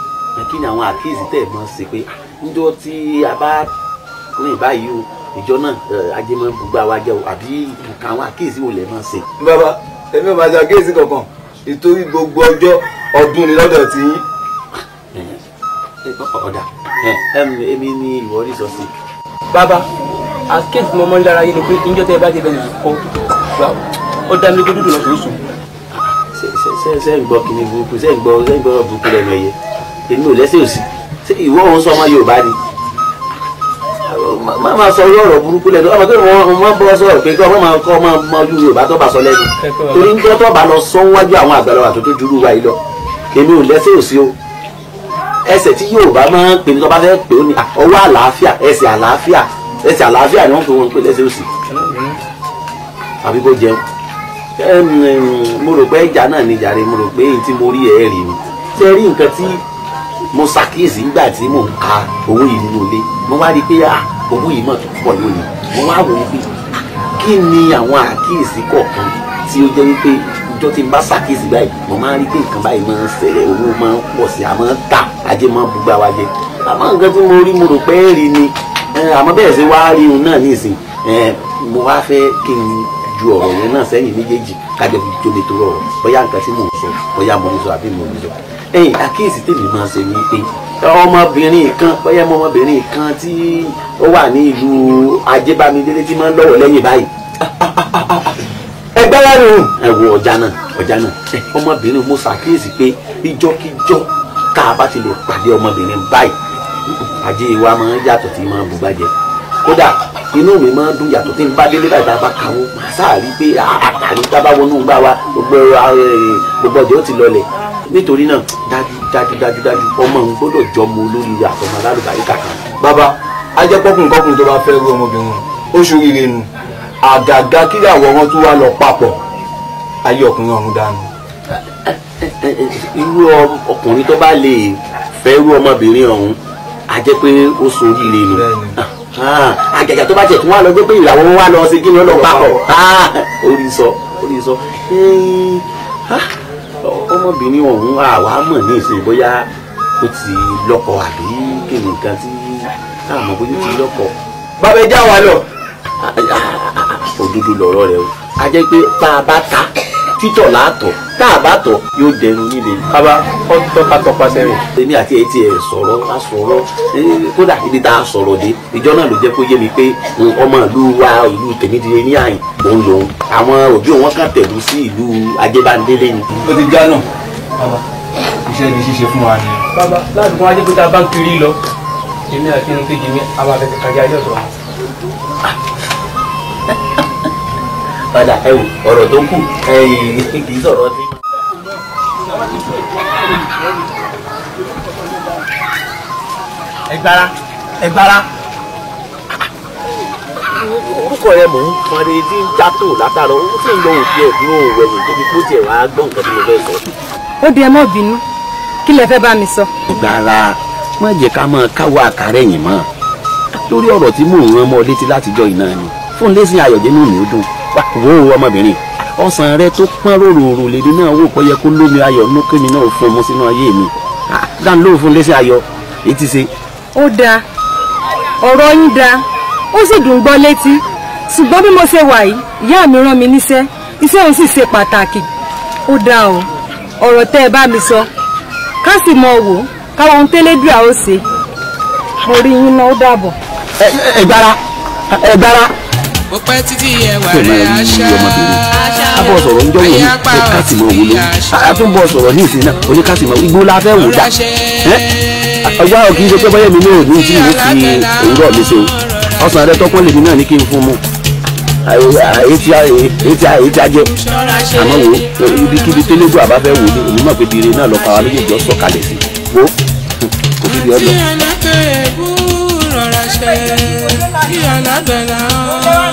kí ni àwọn àkíyèsí tẹ̀ mọ́ sí pé ah, níjọ́ tí a bá rìn báyìí o ìjọ náà ajẹmọ gbogbo àwa jẹ o àbí nǹkan àwọn àkíyèsí wo lẹ̀ mọ́ sí. bàbá èmi ò máa ṣe àkíyèsí kankan ìtorí gbogbo ọjọ́ ọdún ni lọ́dọ̀ tí yín. ọ̀dà èmi ni ìwọ rí sọ sí. bàbá àkíyèsí mo mọ́ ń dára yé ni pé níjọ́ tẹ́ ẹ bá dé bẹ́ẹ̀ nìkan kọ́ ó dá mi lójú dúdú lọ́sọ̀ọ́sọ̀. ṣe ṣe ṣe ń gbọ́ kíni burúkú ṣe ń gbọ́ ṣe ń gbọ́ burúkú lẹ́nu ẹ̀yẹ èmi ò lẹ́sẹ̀ òsì ìwọ òun sọ ọmọ Yorùbá ni má máa sọ orí ọ̀rọ̀ burúkú lẹ́nu ọmọ pé wọ́n máa bọ́ sọ̀rọ̀ pé kí ọmọ máa kọ́ ọmọ ọmọ ojú Yorùbá tó bá sọ lẹ́nu torí ń gbọ́ tó bá lọ sọ wájú àwọn àgbàlagbà tó tó dúró wa yìí lọ èmi ò lẹ́sẹ̀ òsì o ẹsẹ̀ tí Yorùbá máa ń pè ní tó bá fẹ́ pè ó ní ọwọ́ àlàáfíà ẹsẹ̀ àlàáfíà ẹsẹ̀ àlàáfíà ni wọ́n fi wọn pè lẹ́sẹ̀ òsì àbí kó jẹun mo rò pé ìjà náà ni jàre mo rò pé èyí tí mo rí ẹ̀ rí ni ṣe rí nǹkan tí mo ṣàkíyèsí nígbà tí mò ń ka owó yìí nínú ilé mo wá rí i pé ah, owó yìí mọ̀ tó pọ̀ lónìí mo wá wò ó pé ah, kí ni àwọn àkíyèsí kọ̀ọ̀kan tí ó jẹ́ wípé ìjọ tí n bá ṣàkíyèsí báyìí mo máa ń rí pé nǹkan báyìí máa ń ṣẹlẹ̀ owó máa ń pọ̀ sí i àmọ́ ta ajé máa ń búgbà wá jẹ àmọ́ nǹkan tí mo rí mo rò pé rí ni àmọ́ bẹ́ẹ̀ ṣe wá rí òun náà nísìn mo wá fẹ́ kí n ju ọ̀rọ̀ yẹn náà sẹ́yìn méjèèjì kájọ fi tó tó rọrùn bóyá nǹkan tí mò ń sọ bóyá mo ń sọ àbí mo ń sọ ẹ̀yìn àkíyèsí tèmi máa ṣe ni pé ọmọbìnrin kan bóyá ọmọbìnrin kan tí ó wà ní ìlú ajébámidélé tí máa ń lọ́wọ́ lẹ́yìn báyìí ẹgbẹ́ wa ni ẹ wo ọjà náà ọjà náà ọmọbìnrin mo ṣàkíyèsí pé ìjọ́kíjọ́ tá a bá ti lè pàdé ọmọbìnrin báyìí ajé wa máa ń yàtọ̀ tí máa ń bù bàjẹ́ kódà inú mi máa ń dùn yàtọ̀ tí n bá délé báyìí bá kàwọ́ màá sáà rí i pé àtàrí tá a bá wọnú gbá wa gbogbo eh, ọjọ́ ti lọlẹ̀ nítorí náà dájú dájú dájú ọmọ ń gbọ́dọ̀ jọ mọ olórí àtọmọ alálùbáríkà kan. bàbá ajẹ́pọ̀kùn kọ́kùn tó bá fẹ́ rú ọmọbìnrin oṣù rírẹ nù àgàgà kíyàwó wọn tún wá lọ papọ̀ ayé ọkùnrin ọ̀hún dànù. irú ọkùnrin tó bá lè fẹ́ rú ọmọbìnrin ọ̀hún a jẹ́ pé ó so rírẹ nù ah, ah, àgàgà tó bá jẹ̀ tún wá lọ gbé pé ìyàwó wọn wá lọ sí kí ni ó lọ papọ̀ ah, orí sọ orí sọ ọmọbìnrin ọ̀hún àwa mọ̀ ní ìsìn bóyá ó ti lọ́kọ àbí kí ni nǹkan tí káàmọ́ bóyá ó ti lọ́kọ. bàbá ẹ já wa lọ òdodo lọ̀rọ̀ rẹ o a jẹ́ pé bá a bá ta títọ̀ láàtọ̀ tá a bá tọ̀ yóò dẹnu nílé. bàbá ọ tọ́ka tọpa sẹ́yìn. èmi àti ẹ̀ tí ẹ sọ̀rọ̀ a sọ̀rọ̀ kódà ibi tá a sọ̀rọ̀ dé ìjọ náà ló jẹ́ kó yé mi pé ọmọ ìlú wa ìlú tèmídìrẹ ní àyìn òun lòun àwọn òbí wọn kàn tẹ̀lú sí ìlú ajébándélé ni. ó ti já náà bàbá iṣẹ́ ni ṣíṣe fún wa ni. bàbá láti fún ajé pé tá a bá ń kiri lọ èmi àti ẹnìkejì mi àwọn àfẹsẹ̀kàjẹ́ ajọ́ padà ẹ wò ọ̀rọ̀ tó kù ẹ̀yìn kì í sọ̀rọ̀ sí. ẹgbára ẹgbára orúkọ rẹ mò ń fọnrin tí ń játò látàrọ ó sì ń lọ òfin ẹ̀dúró òwẹ̀yìn tóbi kó tiẹ̀ wá gbọ́ nǹkan tí mo fẹ́ sọ. ó di ẹ mọ́ bínú kí lẹ fẹ́ bá mi sọ. ìgbára má jẹ́ ká máa káwọ́ àkàrẹ́ yìí mọ́ lórí ọ̀rọ̀ tí mò ń rán mọ́ létí látijọ́ ìná ni fún lẹ́sìn ayọ̀dẹ́nu mi ó dùn wo ọmọbìnrin ọsàn rẹ tó pọ́n rororo lèmi náà wò pé yẹ kó lómi ayọ̀ nú kémi náà fún ọmọ sínú ayé mi dáhùn lóò fún lẹ́sẹ̀ ayọ̀ etí ṣe. ó dáa ọ̀rọ̀ yín dáa ó sì dùn gbọ́ létí ṣùgbọ́n bí mo ṣe wà yìí ìyá mi rán mi níṣẹ́ iṣẹ́ òun sì ṣe pàtàkì ó dáa o ọ̀rọ̀ tẹ́ ẹ bá mi sọ ká sì mọ wò káwọn ohun tẹ́lẹ́dùá ó ṣe mo rí yín náà ó dàbọ̀. ẹ ẹ gbára ẹ gbára kò pẹ́ títí ẹwà rẹ̀ àṣà abọ́ sọ̀rọ̀ ń jọ́wọ́ ní kásìmọ̀ wò ló àtúbọ̀ sọ̀rọ̀ ní ìsìn náà oníkásìmọ̀ igbó la fẹ́ wò dá ọjọ́ àwọn kì í ṣe pé bọ́yẹ̀ mi ní òní tí mo fi òwúrọ̀ mi ṣe ọ̀sán àdé tọ́kọ́ lèmi náà ní kí n fún mu èyí tí a jẹ àmọ́ wo ibikíbi tó lójú àbá fẹ́ wò ni èmi mọ̀ pé dire náà lọ́pàá wa méjèèjì ọ̀ sọ̀kalẹ̀ sí wo kò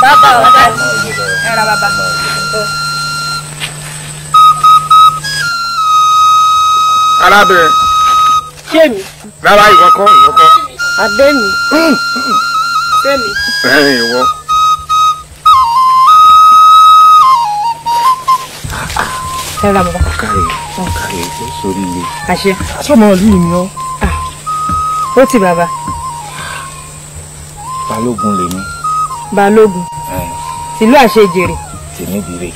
Baba, era Baba. bàbá. arábìnrin. ṣémi. rárá ìwọ kọ́ ìwọ kọ́. adé mi. ṣémi. ẹ̀yin ìwọ. ẹ̀rà bàbá. ọ̀kàrẹ̀ ọ̀kàrẹ̀ ló sórí ilé. àṣẹ. sọmọ ìlú mi ọ. Ah. ó ti bàbá. balógun lèmi balógun tìlú àṣejèrè. tèmi bìrè.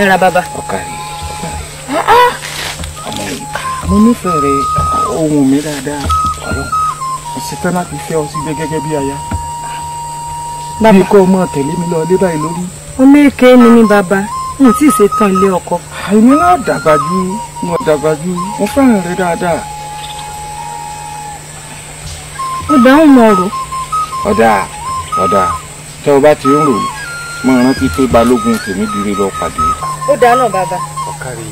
ẹ ra bàbá. ọkàrí ah, ah. ọmọ yìí mo nífẹ̀ẹ́ rẹ ohun mi dáadáa ọlọ́run mo sì fẹ́ láti fẹ́ ọ sílé gẹ́gẹ́ bí aya bí kò mọ tẹ̀lé mi lọ lé báyìí lórí. ọmọ èké ni ní ah. bàbá n tí ì ṣe tán ilé ọkọ. àìní náà dàgbà ju mo dàgbà ju mo fẹ́ràn rẹ dáadáa. ó dáhùn mọ́ ọ̀rọ̀. ọ̀dà ọ̀dà tẹ́ o bá ti ń rò mọ rántí pé balógun tèmi dire lọ pàdé. ó dáná bàbá. ọ̀kàrè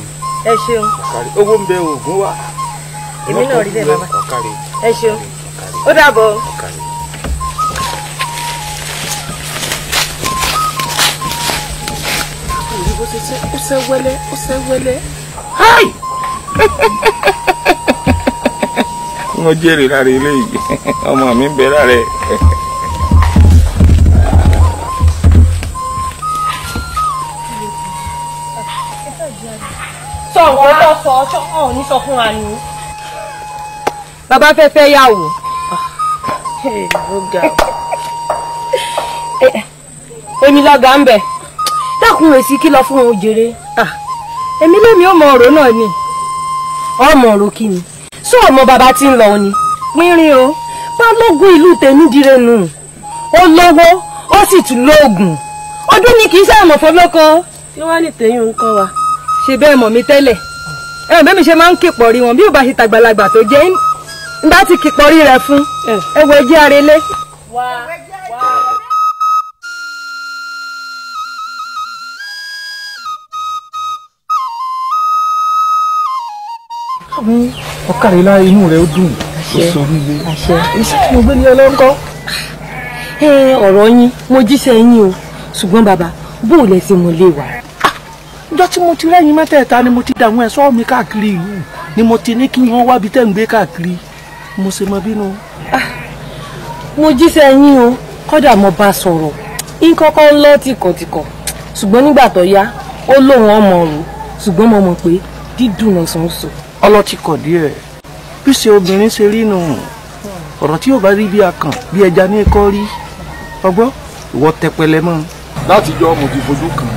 ẹ ṣeun. ọ̀kàrè owó ń bẹ oògùn wa. èmi náà rí bẹ́ẹ̀ bàbá. ọ̀kàrè ẹ ṣeun. ó dàbọ̀. ọ̀kàrè. ó ṣe wẹ́lẹ́ ó ṣe wẹ́lẹ́. mo jẹ́rìí lára eléyìí ọmọ mi ń bẹ lára ẹ̀. sọ ọjọ́ ọ̀hún ní sọ fún wa ni. bàbá fẹ́ fẹ́ yàwó. ó ga èmi lọ́gà ń bẹ̀ dákun èsì kìlọ̀ fún òun jèrè èmi lèmi ò mọ ọ̀rọ̀ náà ni ọmọ ọ̀rọ̀ kí ni sọ ọmọ bàbá tí ń lọ ni pínrín o balógun ìlú tèmídìrẹ nù ó lówó ó sì tún lóògùn ọdún ni kì í sáà mọ̀ fọlọ́kọ. kí wàá ní tèyún ń kọ́ wa. ṣe bẹ́ẹ̀ mọ̀ mi tẹ́lẹ̀ ẹ bẹ́ẹ̀ mi ṣe máa ń kìpọ̀ rí wọn bí ó bá ṣe tàgbàlagbà tó jẹ́ ń bá ti kìpọ̀ rí rẹ̀ fún ẹ wo ẹjẹ́ arelé. wá wá. àwọn ọ̀kàrẹ́lá inú rẹ̀ ó dùn ó sọ nílé iṣẹ́ tí mo gbé ní ọlọ́ńkọ́. Eh, ọ̀rọ̀ yín mo jíṣẹ́ yín o ṣùgbọ́n bàbá bó o lẹ ṣe mo lè wà ọjọ́ tí mo ti rẹ́yìn mẹ́tẹ̀ẹ̀ta ni mo ti dààmú ẹ̀ sọ́ọ̀ mi káàkiri ìlú ni mo ti ní kí wọ́n wábi tẹ́ ń gbé káàkiri mo ṣe mọ bínú. Ah, mo jíṣẹ́ yín o kódà mo bá sọ̀rọ̀ yín kọ́kọ́ ń lọ tìkọ̀tìkọ̀ ṣùgbọ́n nígbà tó yá ó lóun ọmọ rò ṣùgbọ́n mo mọ̀ pé dídùn náà sàn sọ. ọlọ́tí kọ̀ díẹ̀ bí ṣe obìnrin ṣe rí nù ọ̀rọ̀ tí yóò bá rí bí akàn bí ẹja ní kọ́ kàn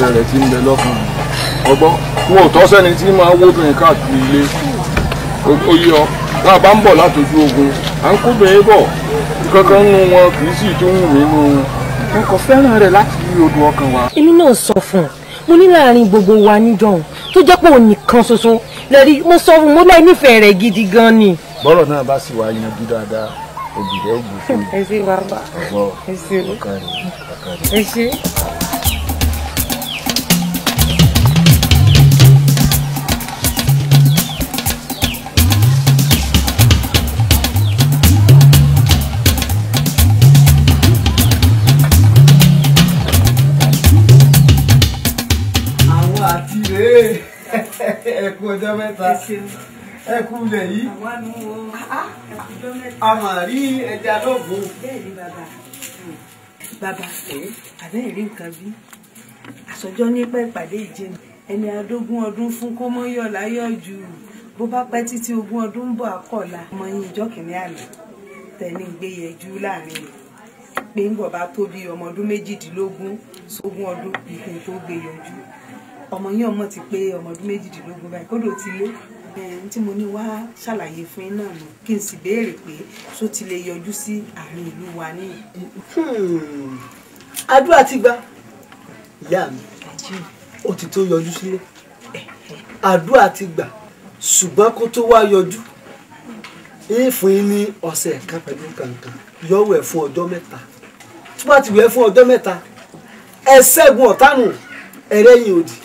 ìfẹ́ rẹ̀ ti ń bẹ lọ́kàn ọgbọ́n wọn ò tọ́ sẹ́ni tí máa wóbìnrin káàkiri ilé ó yí ọ tá a bá ń bọ̀ látọjú ogun à ń kóbìnrin bọ̀ kankan nínú wọn kì í sì tún wù mí nínú wọn kò fẹ́ràn rẹ̀ láti rí odò ọkàn wa. èmi náà sọ fún un mo ní láàrin gbogbo wa níjọ̀hún tó jẹ́ pé òun nìkan ṣoṣo lẹ́rí mo sọ fún un mo láì nífẹ̀ẹ́ rẹ̀ gidi gan ni. bọ́lọ̀ náà bá sì wá yanjú dáadáa òbí rẹ̀ ó gbé fún mi. ẹ ṣe bàbá ẹ ṣe ọkàn rẹ̀ ọkàn rẹ̀. ẹ ṣe. ọjọ́ mẹ́ta ẹ kú ilẹ̀ yìí a mà rí ẹja lọ́gbọ̀n. bàbá àbẹ́ ìrí nǹkan bí àsọjọ́ nípa ìpàdé ìjẹ́ ẹni adógún ọdún fún kó mọ́ yọ̀ láyọ̀ jù bó bá pẹ́ títí ogún ọdún ń bọ̀ àkọ́lá ọmọ yín ìjọ kìnínní àná tẹ̀lé ìgbéyẹjú láàrin pé ń bọ̀ bá tó bí ọmọ ọdún méjìdínlógún sógún ọdún ìpín tó gbé yọjú ọmọ yín ọmọ ti pé ọmọ ọdún méjìdínlógún báyìí kódò ti lé tí mo ní wá ṣàlàyé fún yín náà nù kí n sì béèrè pé ṣó ti lè yọjú sí àárín ìlú wa ní. Hmm. àdúrà ti gbà ìyá mi ó ti tó yọjú sílé àdúrà ti gbà ṣùgbọ́n kó tó wá yọjú ìfún yín ní ọ̀sẹ̀ kan pẹ̀lú kankan yọ̀wọ̀ ẹ̀ fún ọjọ́ mẹ́ta tí wọ́n ti wẹ̀ fún ọjọ́ mẹ́ta ẹ̀ ṣẹ́gun ọ̀tánù ẹ̀rẹ́yìn òdì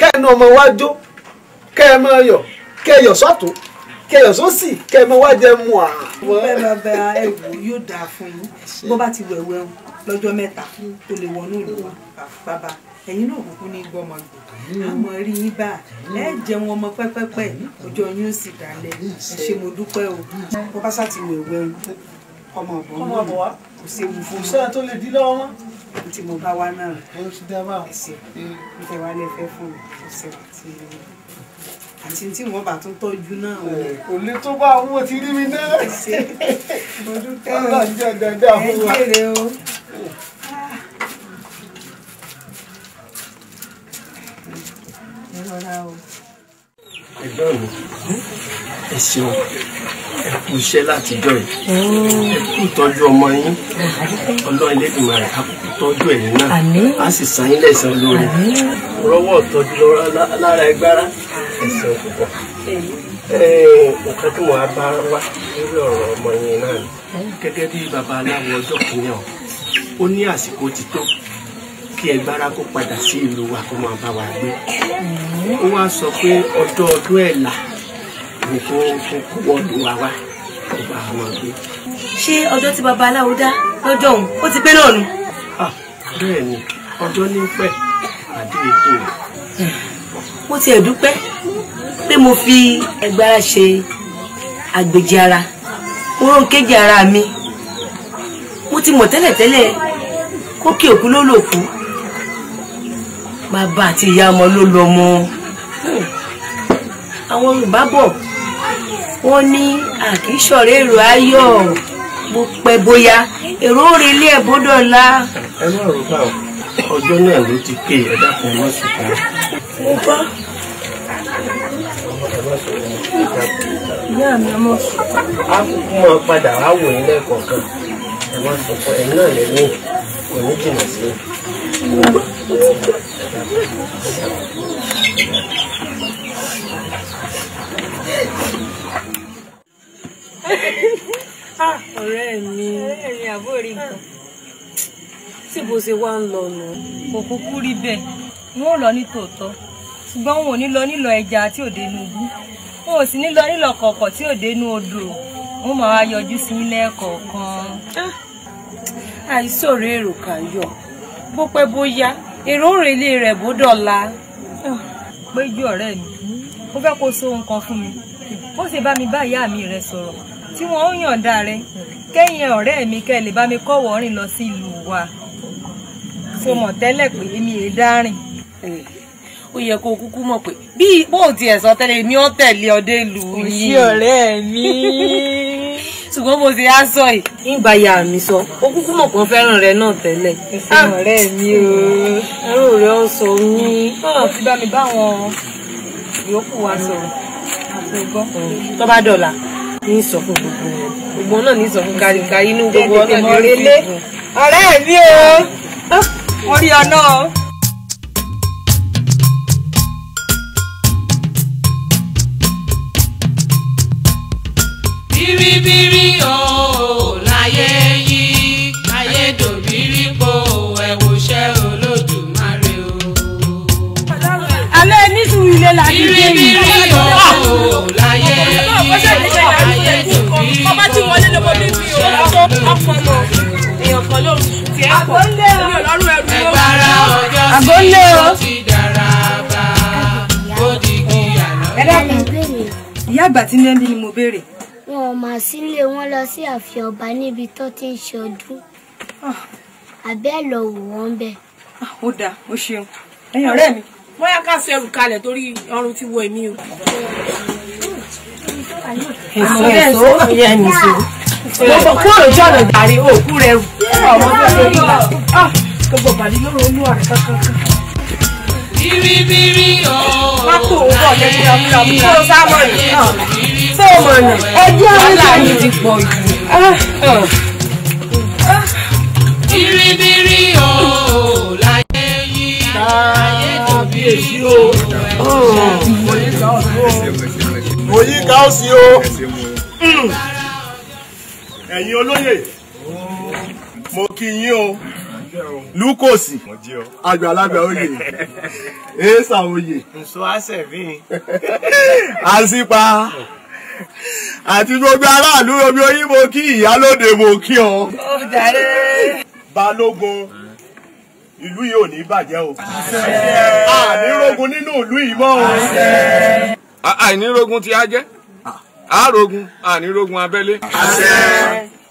kẹ́ẹ̀nù ọmọ wa jó kẹ́ẹ̀ mọ yọ kẹ́ẹ̀yọ̀ sọ́tún kẹ́ẹ̀yọ̀ sósì kẹ́ẹ̀ mọ wá mu à. bẹ́ẹ̀ bàbá ẹ wò yóò dáa fún yín bó bá ti wẹ̀wẹ̀ lọ́jọ́ mẹ́ta tó lè wọnú ìlú bàbá ẹ̀yin náà kúkú ní gbọ́mọ gbò àmọ́ rí yín bá ẹ jẹun ọmọ pẹ́pẹ́pẹ́ ọjọ́ yín ó sì dalẹ̀ ẹ ṣe mo dúpẹ́ o bó bá sá ti wẹ̀wẹ̀ ọmọ ọ̀bọ̀n náà kò séwu fún mi. kò sẹ́yìn tó lè dín lọ́wọ́ mọ́ tí mo bá wá náà ẹsẹ̀ ìfẹ́ wa lẹ́fẹ́ fún ọ̀sẹ̀ àti àti tí wọ́n bá tún tọ́jú náà. kò lè tó bá owó ti rí mi náà. mo dúpẹ́ o ẹ jèrè o. ẹ rọra o ẹgbẹ́ òwò ẹ ṣeun ẹ kú iṣẹ́ láti jọ yìí ẹ kú ìtọ́jú ọmọ yín ọlọ́run ẹlẹ́dùnmọ̀ rẹ̀ á kú ìtọ́jú ẹ̀yìn náà á sì san yín lẹ́san lórí rọwọ́ ìtọ́jú lára ẹgbára ẹ̀sìn òkùnkùn nǹkan tí mo á bá wá lórí ọ̀rọ̀ ọmọ yín náà gẹ́gẹ́ bí babaláwo ọjọ́ kìíní ọ̀ ó ní àsìkò ti tó kí ẹgbára kó padà sí ìlú wa kó máa bá wa gbé ó wá sọ pé ọjọ́ ọdún ẹ̀là ni kó kó wọ́ọ̀lù wa wá kó bá wọn gbé. ṣé ọjọ́ tí babaláwo dá lọ́jọ́ òun ó ti pé náà nù. Ah, bẹ́ẹ̀ ni ọjọ́ ní pẹ́ àdé èdè rẹ̀. mo tiẹ̀ dúpẹ́ pé mo fi ẹgbára ṣe àgbèjì ara mo rán kéjì ara mi mo ti mọ̀ tẹ́lẹ̀tẹ́lẹ̀ kókè òkú ló lòkú bàbá àti ìyá ọmọ ló lọ ọmọ àwọn Yorùbá bọ̀ wọ́n ní àkíṣọ̀rẹ́ èrò ayọ̀ mo pẹ́ bóyá èrò orí ilé ẹ̀ bọ́dọ̀ la. ẹ má rò bá ọjọ́ náà ló ti pé ẹ̀dá kan lọ́sùn kan. mo bá ìyá mi ọmọ sùn. a kúkú máa padà wá wò ní lẹ́ẹ̀kọ̀ọ̀kan ẹ̀ má sọ fún ẹ̀ náà lẹ́nu kò ní jìnnà sí i. Ah, ọ̀rẹ́ mi ọ̀rẹ́ mi àbó rí nǹkan ah. tí bó ṣe wá ń lọ nù. kò kúkú rí bẹ́ẹ̀ wọn ò lọ ní tòótọ́ ṣùgbọ́n wọn ò ní lọ nílọ ẹja tí ò dénú ibú wọn ò sì ní lọ nílọ kọ̀ọ̀kọ̀ tí ò dénú odò wọn máa yọjú sí ilé ẹ̀kọ̀ọ̀kan. Ah. àìsòrò èrò kà yọ bó pẹ́ bó yá èrò òrèlé rẹ̀ bó dọ̀la. péjú ọ̀rẹ́ mi ó fẹ́ kó so nǹkan fún mi ó sì bá mi bá ìyá mi rẹ̀ sọ̀rọ̀ tí wọ́n ó yànda rẹ̀ kẹ́yìn ọ̀rẹ́ mi kẹ́ lè bá mi kọ́wọ́ rìn lọ sí ìlú wa. so mọ̀ tẹ́lẹ̀ pé èmi è dárìn ó yẹ kó kúkú mọ̀ pé bí bó o tiẹ̀ sọ tẹ́lẹ̀ mi ò tẹ̀lé ọdẹ lù ú yìí. òsì ọ̀rẹ́ mi. ṣùgbọ́n mo ti á sọ yìí. nígbà ya mi sọ ó kúkú mọ̀ pé ó fẹ́ràn rẹ náà tẹ́lẹ̀. ẹsẹ̀ ọ̀rẹ́ mi o ẹrù rẹ ó sọ mí. ọ̀rọ̀ ti bá mi bá àwọn yòókù wa sọ̀rọ̀ àti ọgbọ́n. tó bá dọ̀la ní ìsọ̀kùn gbogbo wọn gbogbo náà ní ìsọ̀kùn káríkárí inú gbogbo ọ̀rẹ́ mi o. ọ̀rẹ́ mi o. wọ́n rí ọ náà. bíríbírí o láyé yìí láyé dòbírí po ẹ wò ṣẹ́ olódùmarè o. alẹ́ nísùn ilé la ti dé yìí. bíríbírí o láyé yìí láyé dòbírí po ọmọ tí wọlé lọ́wọ́ bíbí o ọkọ̀ lọ èèyàn kan ló ti ẹ̀ pọ̀ mi ò lọ́rùn ẹrù lọ́wọ́. ẹgbàrá ọjọ́ sí ìṣó ti dára bá ó di kí àná. ìyá àgbà tí ń lé ní ni mo béèrè màsílẹ̀ wọn lọ sí ààfin ọba níbi tó ti ń ṣe ọdún ah. àbẹ́ lọ wò wọ́n bẹ̀. Ah, ó dáa ó ṣeun ẹ̀yin ọ̀rẹ́ mi bóyá ká sọ ẹrù kalẹ̀ torí ọrùn ti wọ èmi o. èso èso yẹ ẹni so gbogbo kúrò jọ̀nà gàrí òkú rẹ̀ rù ọmọ tó ṣe rí ah, gbogbo bàbí lóró olúwa rẹ̀ kankan. bíríbírí ọ̀ọ́ ayé mi kúrò sáà mọ̀ yìí tó mọ nà ẹjẹ wàhálà yìí ti pọ̀ jù. Ah. biribiri o láyé yìí ayé tóbi èyí o. mo yí ká ó sí o ẹ̀yin olóyè mo kí yín o lukosi àgbàlagbà oyè esa oyè. nsọ àṣẹ mi. àṣìpa àti gbogbo aráàlú omi oyin mo kí ìyálóde mo kí ọ. balógun ìlú yìí ò ní bàjẹ́ o. ànírógun nínú ìlú yìí mọ́ o. àìnírógun tí a jẹ́ àárógun ànírógun abẹ́lé.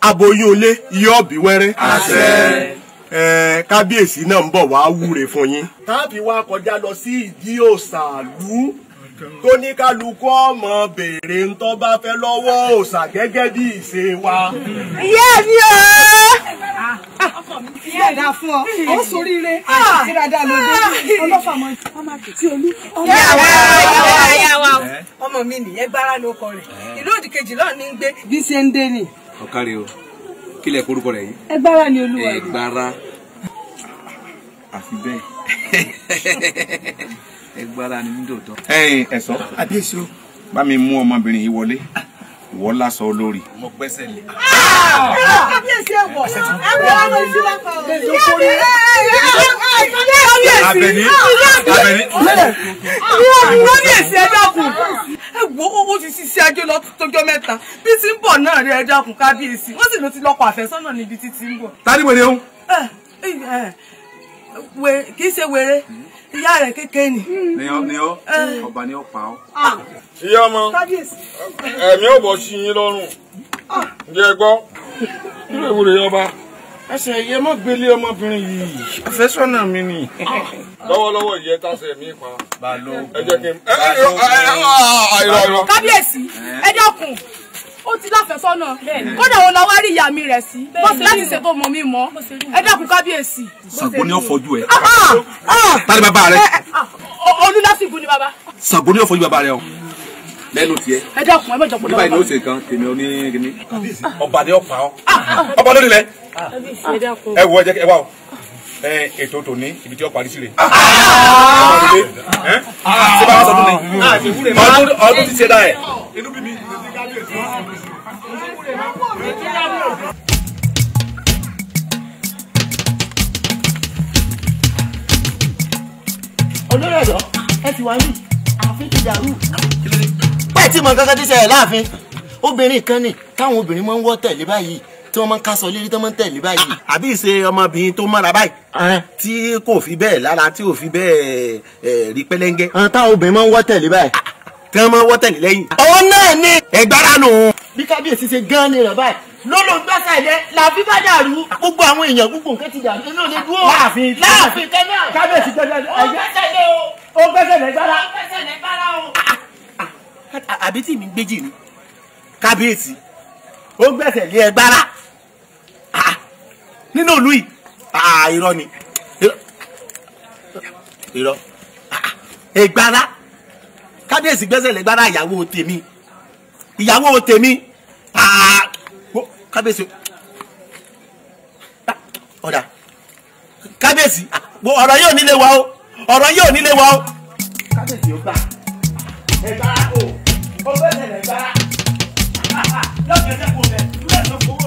aboyún olé yóò bí wẹ́rẹ́. kábíyèsí náà ń bọ̀ wá wúre fún yín. táàbì wa kọjá lọ sí ìdí òsàlú kóníkálukú ọmọ béèrè ńtọ́ bá fẹ́ lọ́wọ́ òòṣà gẹ́gẹ́ bí ìṣe wa. ìyá mi o. ìyá ìdá fún ọ ó soríire ah! àti dáadáa ló dé ah! ọlọ́fà mọ ọmọ àti olú. ọmọ mi nìyẹn gbára ló kọ rẹ̀ ìlú òdì kejì náà ní gbé. bí ṣe ń dé ni. ọ̀kárí o kí lẹ korúkọ rẹ yìí. ẹgbára ni olúwa ẹgbára àfi bẹ́ẹ̀. ẹgbára ni mí dòótọ́. ẹyin ẹ̀sọ́ àbíyèsí o bá mi mú ọmọbìnrin yìí wọlé wọ́n lásọ olórí. mo gbẹ́sẹ̀ lé. kábíyèsí ẹ wọ ẹ wọ ọmọ ìṣúná kan. abẹni abẹni. kábíyèsí ẹ dákun ẹ wo owó ti ṣiṣẹ́ ajé lọ tọjọ́ mẹ́ta bí ti ń bọ̀ náà rí ẹ dákun kábíyèsí wọ́n sì ló ti lọ́kọ̀ àfẹ́sọ́nà níbi títí ń bọ̀. tani wèrè o kì í ṣe wèrè ìyá rẹ̀ kékeré ni. ni ọ ọba ni ọ pa ọ. ìyá ọmọ ẹ̀mí ọ̀bọ̀ sí yín lọ́rùn ǹjẹ́ ẹ gbọ́ nílé ìwúre ọba ẹsẹ̀ ẹ̀yẹ mọ́ gbélé ọmọbìnrin yìí àfẹ́sọ́nà mi ni. lọ́wọ́lọ́wọ́ ìyẹ́ tàṣẹ mi pa. balo ẹ jẹ́ kí n. kábíyèsí ẹ dákun ó ti láfẹ́sọ́nà kódà òun làwọn rí ìyá mi rẹ̀ sí bọ́sì láti ṣètò ọmọ mi mọ́ ẹ dákun kábíyèsí. Ṣàngó ni ó fọjú ẹ ah, ah, ah. tani bàbá rẹ. Eh, eh, olùdásígun ni bàbá. Ṣàngó ni ó fọjú bàbá rẹ o lẹ́nu tiẹ̀. ẹ dákun ẹ mẹjọ kúndà bàbá. nígbà yìí ni ó ṣe kan tèmi oní kíní ọba ni ó pa ọ ọba lórí rẹ ẹ wọ ẹ jẹ ẹ wá o ètò tòní ibi tí ó parí sí rè. ṣé bá wà sọdún ni ọdún ti ṣe dá ẹ. inú bí mi olórí ọ̀dọ́ ẹ ti wá ní ààfin ti dàrú. pẹ́ẹ́ tí mo kankan ti ṣẹlẹ̀ láàfin obìnrin kan ni táwọn obìnrin máa ń wọ́ tẹ̀lé báyìí tí wọ́n máa ń kásọ lérí tí wọ́n máa ń tẹ̀lé báyìí. àbí ìṣe ọmọbìnrin tó mọ́ra báyìí tí kò fi bẹ́ẹ̀ lára tí ò fi bẹ́ẹ̀ rí pẹ́lẹ́ńgẹ́. àwọn táwọn obìnrin máa ń wọ́ tẹ̀lé báyìí tí wọ́n máa wọ́ tẹ̀lé lẹ́yìn. ọwọ́ náà ni ẹgbàrá nù. bí kábíyèsí ṣe gan-an ni rẹ̀ báyìí lọ́lọ́ gbàsà ẹ̀dẹ́ làbí bá dàrú. gbogbo àwọn èèyàn gbogbo nǹkan ti dàrú. inú ni dúró láàfin láàfin kẹ́nà. kábíyèsí gbẹgbẹ ẹ̀jẹ̀ ó gbẹ́sẹ̀ lé o. ó gbẹ́sẹ̀ lé gbára. ó gbẹ́sẹ̀ lé gbára o. àbí tí mi ń gbéjì ni kábíyèsí ó gbẹ́sẹ̀ lé ẹ gbára ah, nínú ìlú yìí ah, irọ́ ni irọ́ ah, ẹ gbára kábíyèsí gbẹ́sẹ̀ lé gbára ìyàwó tèmi ìyàwó tèmi ah, kábíyèsí ah, ọ̀dà kábíyèsí ah, ọ̀rọ̀ yóò nílé wa o ọ̀rọ̀ yóò nílé wa o. kábíyèsí ó gbà ẹ gbára o ó bẹ̀rẹ̀ ẹ gbára lọ́sẹ̀ ẹ̀jẹ̀ kò bẹ̀ lọ́sẹ̀ kò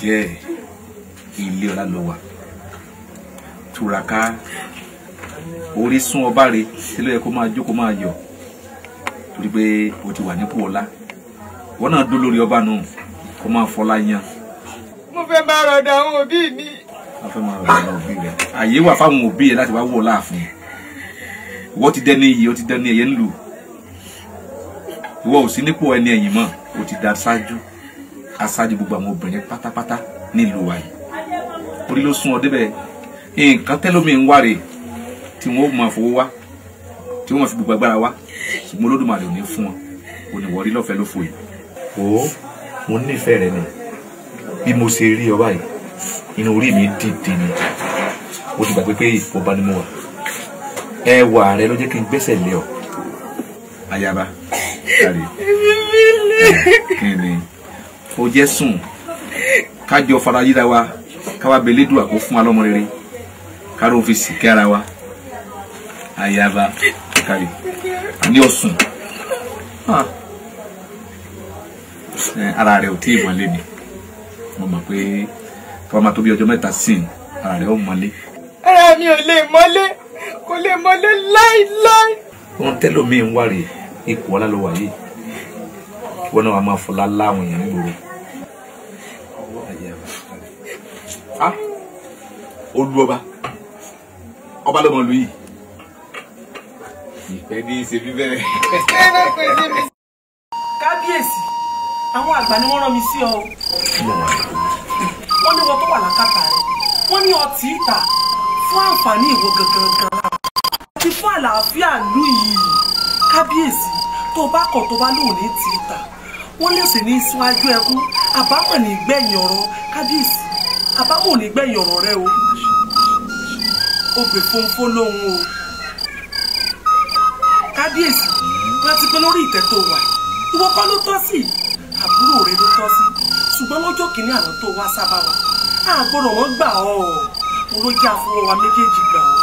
jẹ́ ilé ọlá ló wà túraká orísun ọba rẹ̀ tí ló yẹ kó máa jó kó máa yọ̀ torí pé o ti wà nípò ọlá wọn náà dó lórí ọba nù kó máa fọlá yan. mo fẹ́ máa rọ̀dọ̀ àwọn òbí mi. a fẹ́ máa rọ̀dọ̀ àwọn òbí rẹ̀ àyè wà fáwọn òbí rẹ̀ láti wá wọ̀ láàfin ìwọ ti dẹni iyì o ti dẹni ẹ̀yẹ ńlù ìwọ ò sí nípò ẹni ẹ̀yìn mọ́ o ti dá ṣáájú aṣáájú gbogbo àwọn obìnrin pátápátá nílùú wa yìí orí ló sún ọ débẹ̀ nǹkan tẹ́lómi ń wá rè tí wọ́n ó máa fowó wá tí wọ́n máa fi gbogbo agbára wá ṣùgbọ́n olódùmarè ò ní fún wọn ò ní wọrí lọ́fẹ̀ẹ́ ló fò yìí. o mo nífẹ̀ẹ́ rẹ ni bí mo ṣe rí ọ báyìí inú orí mi dìde ni mo ti gbàgbé pé ìfọba ni mo wà ẹwà rẹ ló jẹ́ kí n gbẹ́sẹ̀ lé ọ. ayaba kí ni ó jẹ́ sùn kájọ fara yíra wa káwa belédùà kó fún wa lọ́mọ rere káró fi sì kí wa àyàbá kárì ní ọ̀sùn ara rẹ̀ ò tí ì mọ́lé ni mo mọ̀ pé káwa máa tó bí ọjọ́ mẹ́ta sí ara rẹ̀ ò mọ́lé. ara mi ò lè mọ́lé kò lè mọ́lé láíláí. wọ́n tẹ́lọ̀ mi ń wá rèé ipò ọlá ló wà yìí wọ́n náà wàá máa fọlá láwọn èèyàn nígboro. ah olú ọba ọba lọmọ lu yìí ìfẹ́ ní í ṣe bí bẹ́ẹ̀. kábíyèsí àwọn àgbà ni wọ́n rán mi sí ọ. wọ́n ní wọn tó wà lákàtà rẹ̀ wọ́n ní ọtí ìta fún àǹfààní ìwọ gangan gan àti fún àlàáfíà lù yìí kábíyèsí tó bá kọ̀ tó bá lóun ní tì í ta wọ́n lè sì ní síwájú ẹkún àbámọ̀ ní gbẹ̀yìn ọ̀rọ̀ kábíyèsí àbámọ̀ ní gbẹ̀yìn ọ̀rọ̀ rẹ o ògbè fonfon lóhun o kábíyèsí rántí pé lórí ìtẹ́ tó wà ìwọ kọ́ ló tọ́ sí àbúrò rẹ ló tọ́ sí ṣùgbọ́n lọ́jọ́ kìíní àná tó wá sábà wà á gbọ́dọ̀ wọ́n gbà ọ́ òun ló jẹ́ àfọwọ́ wa méjèèjì gbà ọ́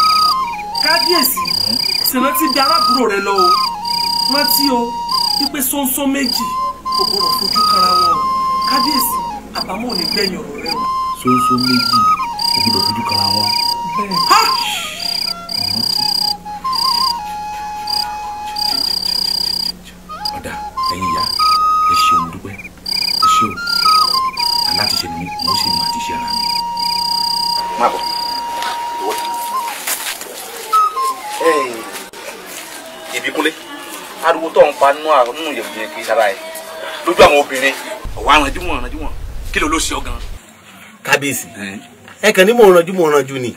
kábíyèsí ṣèrántí bí arábùrò rẹ lọ o rántí o wípé sọ́nsọ́n méjì kò gbọ́dọ̀ fojú kanra wọn o kábíyèsí àbámọ̀ ò ní gbẹ̀yìn ọ̀rọ̀ ṣóńṣó méjì kò gbọdọ̀ fojú kara wọn. ọ̀dà ẹ̀yin ìyá ẹ ṣeun dúpẹ́ ẹ ṣeun aláti ṣe ni mo sì máa ti ṣe ara mi. má bọ̀ ìwọ ta. ìbíkúnlé ariwo tó ń pa nínú àrùn nínú ìyẹ̀wò yẹn kì í ṣara ẹ̀ lójú àwọn obìnrin ọ̀wọ́ àrùn ẹ̀dínwọ̀n àrùn ẹ̀dínwọ̀n kí ló ló ṣe ọ gan-an kábíyèsí ẹ kàn ní mo ranjú mo ranjú ni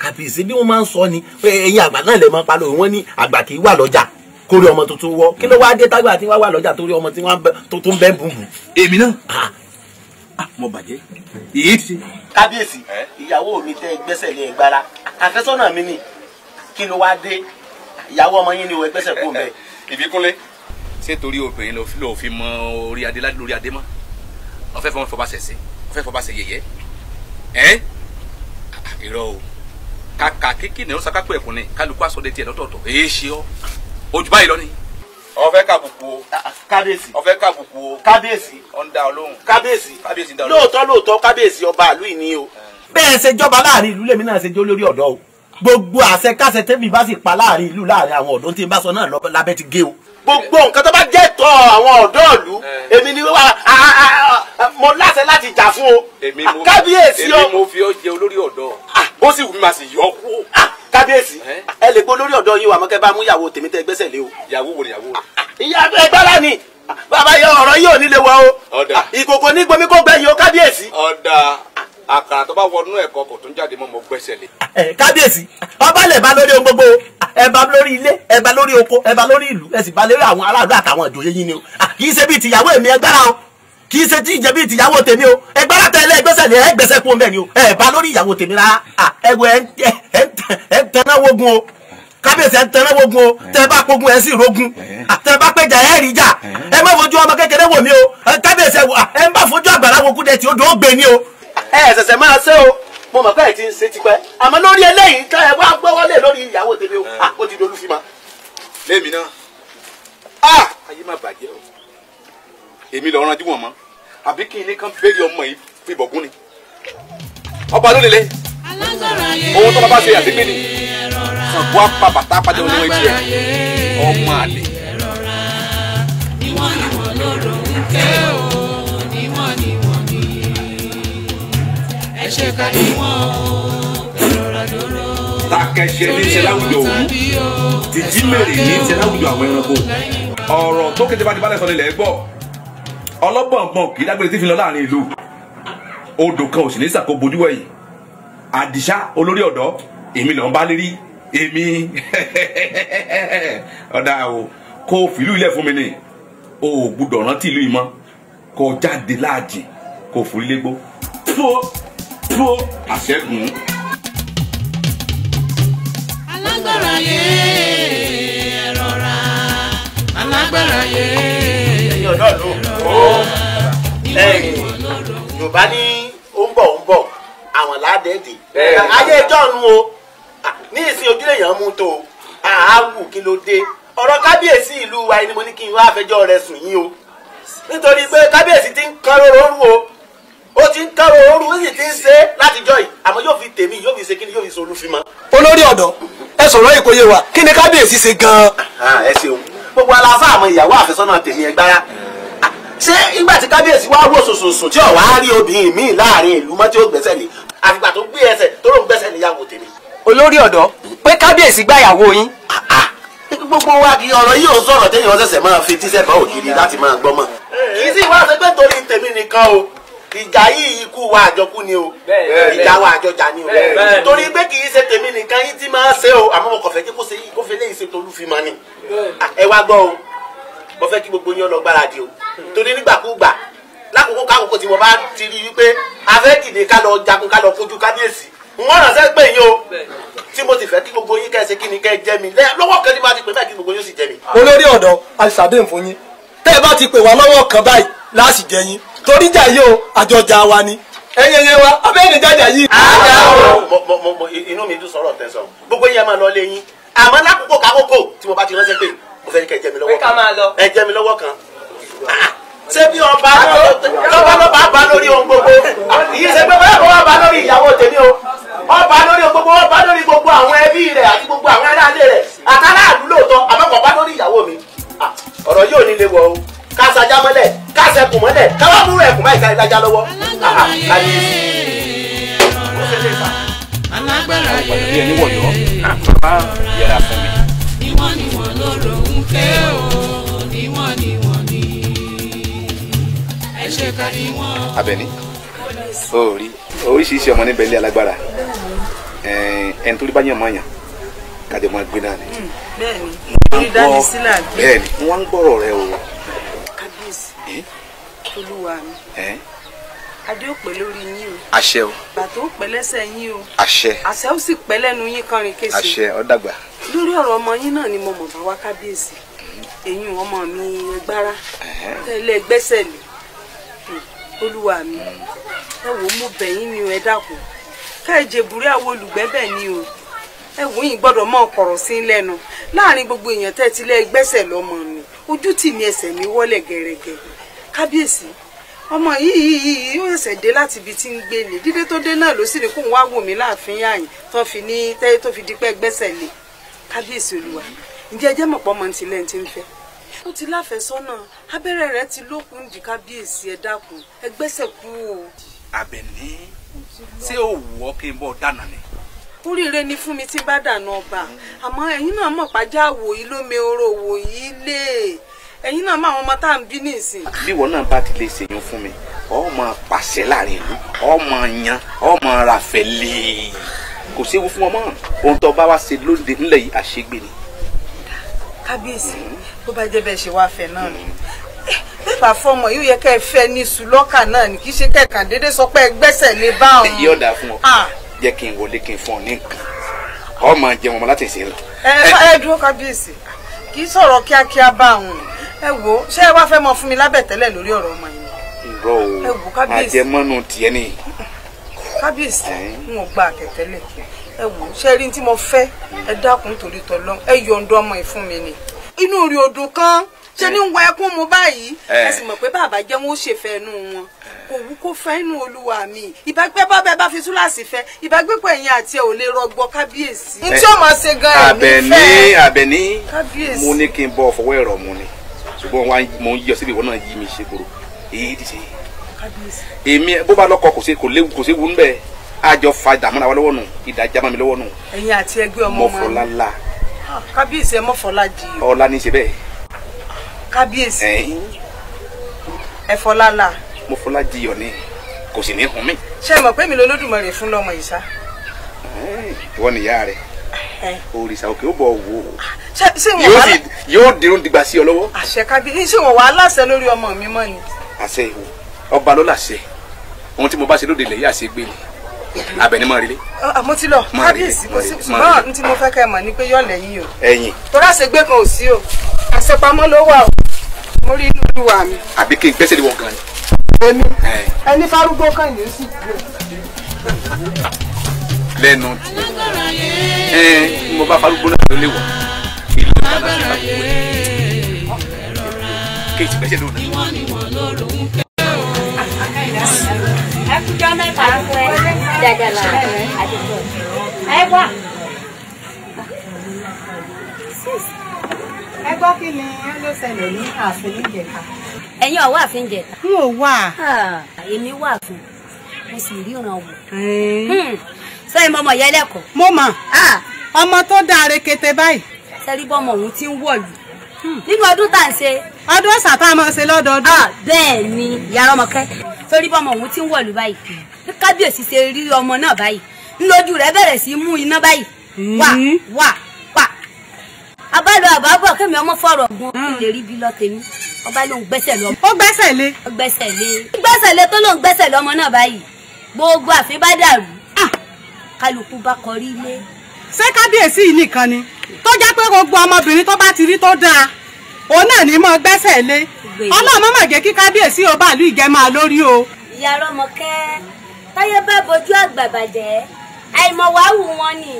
kábíyèsí bí wọ́n máa ń sọ ni ẹ̀yin àgbà náà lè máa pa lóyún wọ́n ní àgbà kì í wà lọ́jà kó rí ọmọ tuntun wọ kí ló wá dé tágbà tí wọ́n wà lọ́jà tó rí ọmọ tí wọ́n tó tún bẹ́ bùbù. èmi náà mo bàjẹ́ èyí ti. kábíyèsí ìyàwó mi tẹ gbẹ́sẹ̀ lé gbára àfẹ́sọ́nà mi ni kí ló wá dé ìyàwó ọmọ yín ni wọ́n gbẹ́sẹ̀ kó mbẹ́. ìbíkúnlé ṣé torí obìnrin ló fi mọ orí adé lórí adé mọ́ ọ fẹ́ fọmọ fọba ṣẹ̀ṣẹ̀ fẹ́ fọba ṣe yẹ̀yẹ́ ẹ́ irọ́ o kàkà kékeré ní ọ̀sán kápẹ́ ẹ̀kún ni kálukú asọ̀dẹ̀ tiẹ̀ lọ́tọ̀ọ̀tọ̀ èyí ṣe ọ́ ojú báyìí lọ́ni. ọfẹ kàbùkù o kábíyèsí ọfẹ kàbùkù o kábíyèsí ọ̀ndà olóhùn kábíyèsí kábíyèsí ọ̀ndà olóhùn lóòótọ́ lóòótọ́ kábíyèsí ọba àlú ìní o. Eh. bẹ́ẹ̀ ṣe jọba láàrin ìlú lèmi náà ṣe jẹ́ olórí ọ̀dọ́ o gbogbo àṣẹ káṣẹ tẹ́mi bá sì pa láàrin ìlú láàrin àwọn ọ̀dọ́ tí n bá sọ náà lábẹ́ gbogbo nǹkan tó bá jẹ́ ìtọ́ àwọn ọ̀dọ́ ìlú eh. èmi ni mo láṣẹ láti jà fún o kábíyèsí o èmi mo fi ọ jẹ olórí ọ̀dọ́ bó ah. sì wù mí màá sì yọ kú ah, kábíyèsí eh? ẹ lè gbọ́ olórí ọ̀dọ́ yín wà mọ́kẹ́ bá mú ìyàwó tèmi tẹ́ gbẹ́sẹ̀ lé o. ìyàwó wo ìyàwó rẹ. Ah, ìyá ẹgbẹ́lá ni bàbá yọ ọ̀rọ̀ yìí ò ní lè wọ o ìkòkò ní gbomi kó gbẹ̀yìn o àkàrà tó bá wọnú ẹ̀kọ́ kò tún jáde mọ́ mọ́ gbẹ́sẹ̀ lé. kábíyèsí ọba lè bá lórí ohun gbogbo ẹ bá lórí ilé ẹ bá lórí oko ẹ bá lórí ìlú ẹ sì bá lórí àwọn aráàlú àtàwọn ìjòyè yín ni o kì í ṣe bíi tìyàwó èmi ẹgbẹ́ra o kì í ṣe tí ìjẹ́ bíi tìyàwó tèmi o ẹgbẹ́ra tẹ̀lé ẹgbẹ́sẹ̀ lé ẹgbẹ́sẹ̀ kú mẹ́ni o ẹ bá lórí ìyàwó tèmi rárá ẹgbẹ́ ẹ tẹná wogun o kábíyèsí ẹ tẹná wogun o tẹ bá pogun ẹ sì rogun tẹ bá péjà ẹ rí jà ẹ má fojú ọmọ kékeré wò mí o kábíyèsí ẹ ń bá fojú àgbàlá wo kúdẹ tí ó dùn ó gbé ni o ẹ ṣẹ̀ṣẹ̀ máa ṣe o mo mọ̀ pé ẹ̀ ti ń ṣe tipẹ́ àmọ́ lórí eléyìí ká ẹ wá gbọ́ wọlé lórí ìyàwó tèmi o ah, ó ti dolú fi ma. lémi náà a ah! ayé má bàjẹ́ o èmi lọ ranjú wọn mọ àbí kí ilé kan béèrè ọmọ yìí fi bọ̀gún ni ọba ló lélẹ̀ ohun tó bá ṣe àdégbé ni sàgbó apá bàtà padà olówó etí ẹ ọmọ àlè. ìwọ ni wọn lò ló ń kẹ́ o. ẹ ṣe kárí wọn ẹ rọra dúró. takẹsẹ ní ṣe láwùjọ òwú títí mèrè ní ṣe láwùjọ àwọn ẹranko ọ̀rọ̀ tó kété bá ti balẹ̀ sọ nílẹ̀ gbọ́ ọlọ́gbọ̀ngbọ̀n kì í dágbére tí fi lọ láàrin ìlú odò kan ò sì ní sàkó bojú wẹ̀yìn àdìsá olórí ọ̀dọ́ èmi lọ́n bá lérí èmi ọ̀dà o kó o fìlú ilẹ̀ fún mi ni o ò gbúdọ̀ rántí ìlú yìí mọ́ kó o jáde láàjì kó o fòrí légbó dúró àṣẹ́gun. alágbára yé rọra alágbára yé rọra yorùbá ní ó ń bọ̀ ó ń bọ̀ àwọn ládẹ́ẹ̀dẹ́ ayé ẹjọ́ nu o ní ìsìn ojúlé yẹn mú tó àáwù kí ló dé ọ̀rọ̀ kábíyèsí ìlú wa ni mo ní kí n wá fẹjọ́ rẹ̀ sùn yín o nítorí pé kábíyèsí ti ń kan lóró rú o ó ti ń kárò ooru ó sì ti ń ṣe é látijọ́ yìí àmọ́ yóò fi tèmi yóò fi ṣe kíni yóò fi ṣe olúfimọ́. olórí ọ̀dọ́ ẹ sọ̀rọ̀ ìkóyè wa kí ni kábíyèsí ṣe gan-an. ẹ ṣeun gbogbo aláfáà àmọ́ ìyàwó àfẹsọ́nà tèmi ẹ gbára ṣé ìgbà tí kábíyèsí wá wò sòsòsò tí ọ̀wá rí obìnrin míì láàrin ìlú mọ́ tí ó gbẹ́sẹ̀ lé àfìgbà tó gbé ẹsẹ̀ tó ló ń gbẹ́sẹ̀ níyàwó tèmi. olórí ọ̀dọ́ pé kábíyèsí gbàyàwó yín. gbogbo wa kì í ọ̀rọ̀ yìí ò sọ̀rọ̀ téèyàn ṣẹ̀ṣẹ̀ máa fi tíṣẹ́ bá ògiri láti máa gbọ́ mọ́. kì í sì wá ṣe pé torí tèmi nìkan o ìjà yìí ikú wa àjọkú ni o ìjà wa àjọjà ni o torí pé kì í ṣe tèmi nìkan yìí ti máa ṣe o àmọ́ mo kàn fẹ́ kí kó ṣe yìí kó fi léyìí ṣe tolú fi máa ni ẹ wá gbọ́ o mo fẹ́ kí gbogbo yín lọ gbáradì o hmm. torí nígbàkúgbà lákòókò kákòókò tí mo bá ti rí wípé a fẹ́ dìde ká lọ jagun ká lọ kojú kábíyèsí wọ́n ràn sẹ́gbẹ́ yín o tí mo sì fẹ́ kí gbogbo yín kẹ́sẹ̀ kí ni kẹ́ jẹ́ mi lọ́wọ́ kan ní bá ti pè báyìí kí gbogbo yín sì jẹ́ mi. olórí ọ̀dọ́ àṣàdéhùn fún yín tẹ́ ẹ bá ti pè wá lọ́wọ́ kan báyìí láà jẹ yín torí jàyé o àjọjà wa ni ẹyẹyẹ wa abẹ́ni jàjà yìí. àdàwọ̀ inú mi dùn sọrọ tẹ̀sán gbogbo yẹn máa lọ lé yín àmọ́ lákòókò kákòókò tí mo bá ti mo fẹ́ kẹ́ jẹ́ mi lọwọ kan ẹ kan ah, ṣé bí ọba bá lórí ohun gbogbo yìí ṣe ọba lórí ohun gbogbo ọba lórí gbogbo àwọn ẹbí àti gbogbo àwọn aráalé àtàlà àdúlò tán àmọ́ mi ah, ọ̀rọ̀ yóò kásajá mọ́lẹ̀ kásẹkùn mọ́lẹ̀ káwá múrò ẹ̀kún báyìí kárí lájá lọ́wọ́ alágbára yẹ rọra yẹra fún mi. níwọ̀n níwọ̀n ló rohun fẹ́ o níwọ̀n níwọ̀n ni ẹ ṣe ká níwọ̀n. Àbẹ̀ní o oríṣiríṣi ọmọ níbẹ̀ ilé alágbára ẹni tó rí bá yàn mọ́ yàn kàdé mọ́ gbé náà ni. Hmm, bẹ́ẹ̀ni orí dání sílẹ̀ àgbẹ̀. bẹ́ẹ̀ni wọn ń gbọ́rọ̀ rẹ o Eh? olúwa mi eh? adé ò pẹ́ lórí o. àṣẹ o. Bato ò pẹ́ o. àṣẹ. àṣẹ ó sì pẹ́ lẹ́nu yín kánrin kése. àṣẹ dàgbà. lórí ọmọ yín náà ni mo mọ̀ bá wá kábíyèsí èyí hmm. ọmọ mi gbára tẹ́lẹ̀ eh? gbẹ́sẹ̀ hmm. olúwa mi hmm. ẹ wò ó mú bẹ̀yìn ni ẹ àwọn o ẹ wò yín gbọ́dọ̀ mọ ọkọ̀rọ̀ sí lẹ́nu gbogbo èèyàn gbẹ́sẹ̀ lọ́mọ mi ojú tì mí mi kábíyèsí ọmọ yìí yìí yóò ṣẹ̀ dé láti ibi tí ń gbé ni dídé tó dé náà ló sì ní kóun wá wò mí láàfin yàyìn tó fi ní tẹ́yẹ tó fi di pẹ́ gbẹ́sẹ̀ lé kábíyèsí olúwa ǹjẹ́ ẹjẹ́ mọ̀pọ̀ ọmọ ti lẹ́yìn tí ń fẹ́. ó ti láfẹ̀sọ́nà abẹ́rẹ́ rẹ̀ ti lókun di kábíyèsí ẹ dákun ẹ gbẹ́sẹ̀ kú o. àbẹ̀ní ṣé ò wù ọ́ kí n bọ́ dáná ni. oríire ni fún mi tí bá dànù ọba àmọ́ ẹ̀yin náà mọ̀ pàjáwò yìí lómi oró wò yìí lé ẹ̀yin náà máa àwọn ọmọ tá à ń bí ní ìsìn. bí ìwọ náà bá ti lè ṣèyàn fún mi ọ máa pàṣẹ láàrin ìlú ọ máa yan ọ máa ra fẹlẹ kò séwu fún ọmọ ohun tó bá wá ṣe lóde nílẹ̀ yìí àṣegbè ni. kábíyèsí bó bá jẹ́ bẹ́ẹ̀ ṣe wá fẹ́ náà ni bá fọmọ yóò yẹ kẹ ẹ fẹ ní sùlọ́kà náà ní kí ṣe kẹkàn déédéé sọ pé ẹ gbẹ́sẹ̀ lé bá òun. èyí ọ̀dà fún ọ jẹ́ kí n wọlé kí n fún ọ ní nǹkan ọ máa jẹun ọmọ láti ṣe lọ. ẹ ẹ dúró kábíyèsí kì í sọ̀rọ̀ kíákíá bá òun ẹ wo ṣé ẹ wá fẹ́ mọ fún mi lábẹ̀tẹ́lẹ̀ lórí ọ̀rọ̀ ọmọ yìí. irọ́ o àjẹmọ́nù tiẹ̀ ni. kábíyèsí n ò gba àtẹ̀tẹ́lẹ̀ ẹ wo ṣé rí tí mo fẹ́ ẹ dákun torí tọ́lọ́ ẹ yọ̀ǹda ọmọ yìí fún mi ni. inú rí odò kan ṣe ní wọ ẹkún mu báyìí ẹ sì mọ̀ pé bàbá jẹ́ wọn ó ṣe fẹ́ inú wọn kò wú kó fẹ́ inú olúwa mi ìbágbé bábẹ́ bá fi túláàsì fẹ́ ìbágbépọ̀ ẹ̀yìn àti ẹ̀ ò lè rọgbọ kábíyèsí. n tí ó máa ṣe gan-an ní fẹ́ àbẹ̀ní àbẹ̀ní mo ní kí n bọ fọwọ́ ẹ̀rọ mu ni ṣùgbọ́n wa mo ń yọ síbi ìwọ náà yí mi ṣe koro èyí ti ṣe èmi bó bá lọkọ kò ṣe kò léwu kò ṣe nbẹ àjọ fa ìdààmúra wa lọ́wọ́ nù ìdàjà mami lọ́wọ́ nù. ẹ̀yin àti ẹgbẹ́ ọmọ ọmọ mọfọlá la. Ah, kábíyèsí ẹ mọfọlá di. ọlá ní í ṣe bẹ́ẹ̀. kábíyèsí ẹ fọlá la. mọfọlá di yọ ni kò sì ní hun mi. ṣé ẹ mọ̀ pé mi lolódùmarè fún lọ́mọ yìí sá. ìwọ nìyá rẹ̀ òrìṣà òkè ó bọ̀ wò ah, ó yóò dirun dìgbà sí ọ lọ́wọ́. àṣẹ kábíyèsí ṣé wọn wà á láṣẹ lórí ọmọ mi mọ́ ni. àṣẹ ìwò ọba ló làṣẹ ohun tí mo bá ṣe lóde ilẹ̀ yìí àṣẹ gbé ni abẹni mọ rile. Ah, ah, mo ti lọ kábíyèsí kò sí ṣùgbọ́n n tí mo fẹ́ kẹ́ ẹ mọ̀ ni pé yọ̀lẹ̀ yìí o. ẹyin. tọ́lá ṣe gbé kan ò sí o àṣepamọ́ ló wà o mo rí inú olúwa mi. àbí kí n gbẹ́sẹ̀ lé wọn gan ni. ẹni fárúgbó kan yìí ó sì gbé lẹ́nu ẹ mo bá farúgbó náà ló lè wọ̀ ilé ìwà láti bá wọ̀ kéèjì bẹ́sẹ̀ lónìí. ìwọ̀n mẹ́ta fún ẹ jàjàlá ẹ gbọ́ kí ni ẹ ló ṣẹlẹ̀ ní ààfin níjẹta. ẹ̀yin ọ̀wọ́ ààfin jẹta. n ò wà. Ah, èmi wà fún mo sì rí ìrànwọ́ sẹ́yìn mọ́mọ́ yẹn lẹ́kọ̀ọ́. mo mọ̀ ọmọ tó dáa rekete báyìí. sẹ́rí bọ́mọ òun ti ń wọ̀lú hmm. nínú ọdún tá à ń ṣe. ọdún ọ̀sà tá a máa ṣe lọ́dọọdún. bẹ́ẹ̀ ni ìyá ọmọkẹ́ sórí bọ́mọ òun ti ń wọ̀lú báyìí bí kábíyèsí ṣe rí ọmọ náà báyìí ńlójú rẹ̀ bẹ̀rẹ̀ sí mú iná báyìí hmm. wà wà wà. abálọ àbábọ̀ kémi ọmọ fọ̀rọ̀ ọ̀gbun hmm. lè rí bí lọ tèmi ọba ló ń gbẹ́sẹ̀ lọ. ó gbẹ́sẹ̀ lé. ó gbẹ́sẹ̀ lé. gbẹ́sẹ̀ lé tó ló ń gbẹ́sẹ̀ kálukú bá kọrí ilé. ṣé kábíyèsí yìí nìkan ni tó jẹ́ pé gbogbo ọmọbìnrin tó bá ti rí tó dáa òun náà ní mọ gbẹ́sẹ̀ lé ọlọ́run mọ̀ jẹ́ kí kábíyèsí o bá ìlú ìjẹ́mọ́ lórí o. ìyá rọmọkẹ́ táyé bá bojú àgbà bàjẹ́ àìmọ̀wá wù wọn ni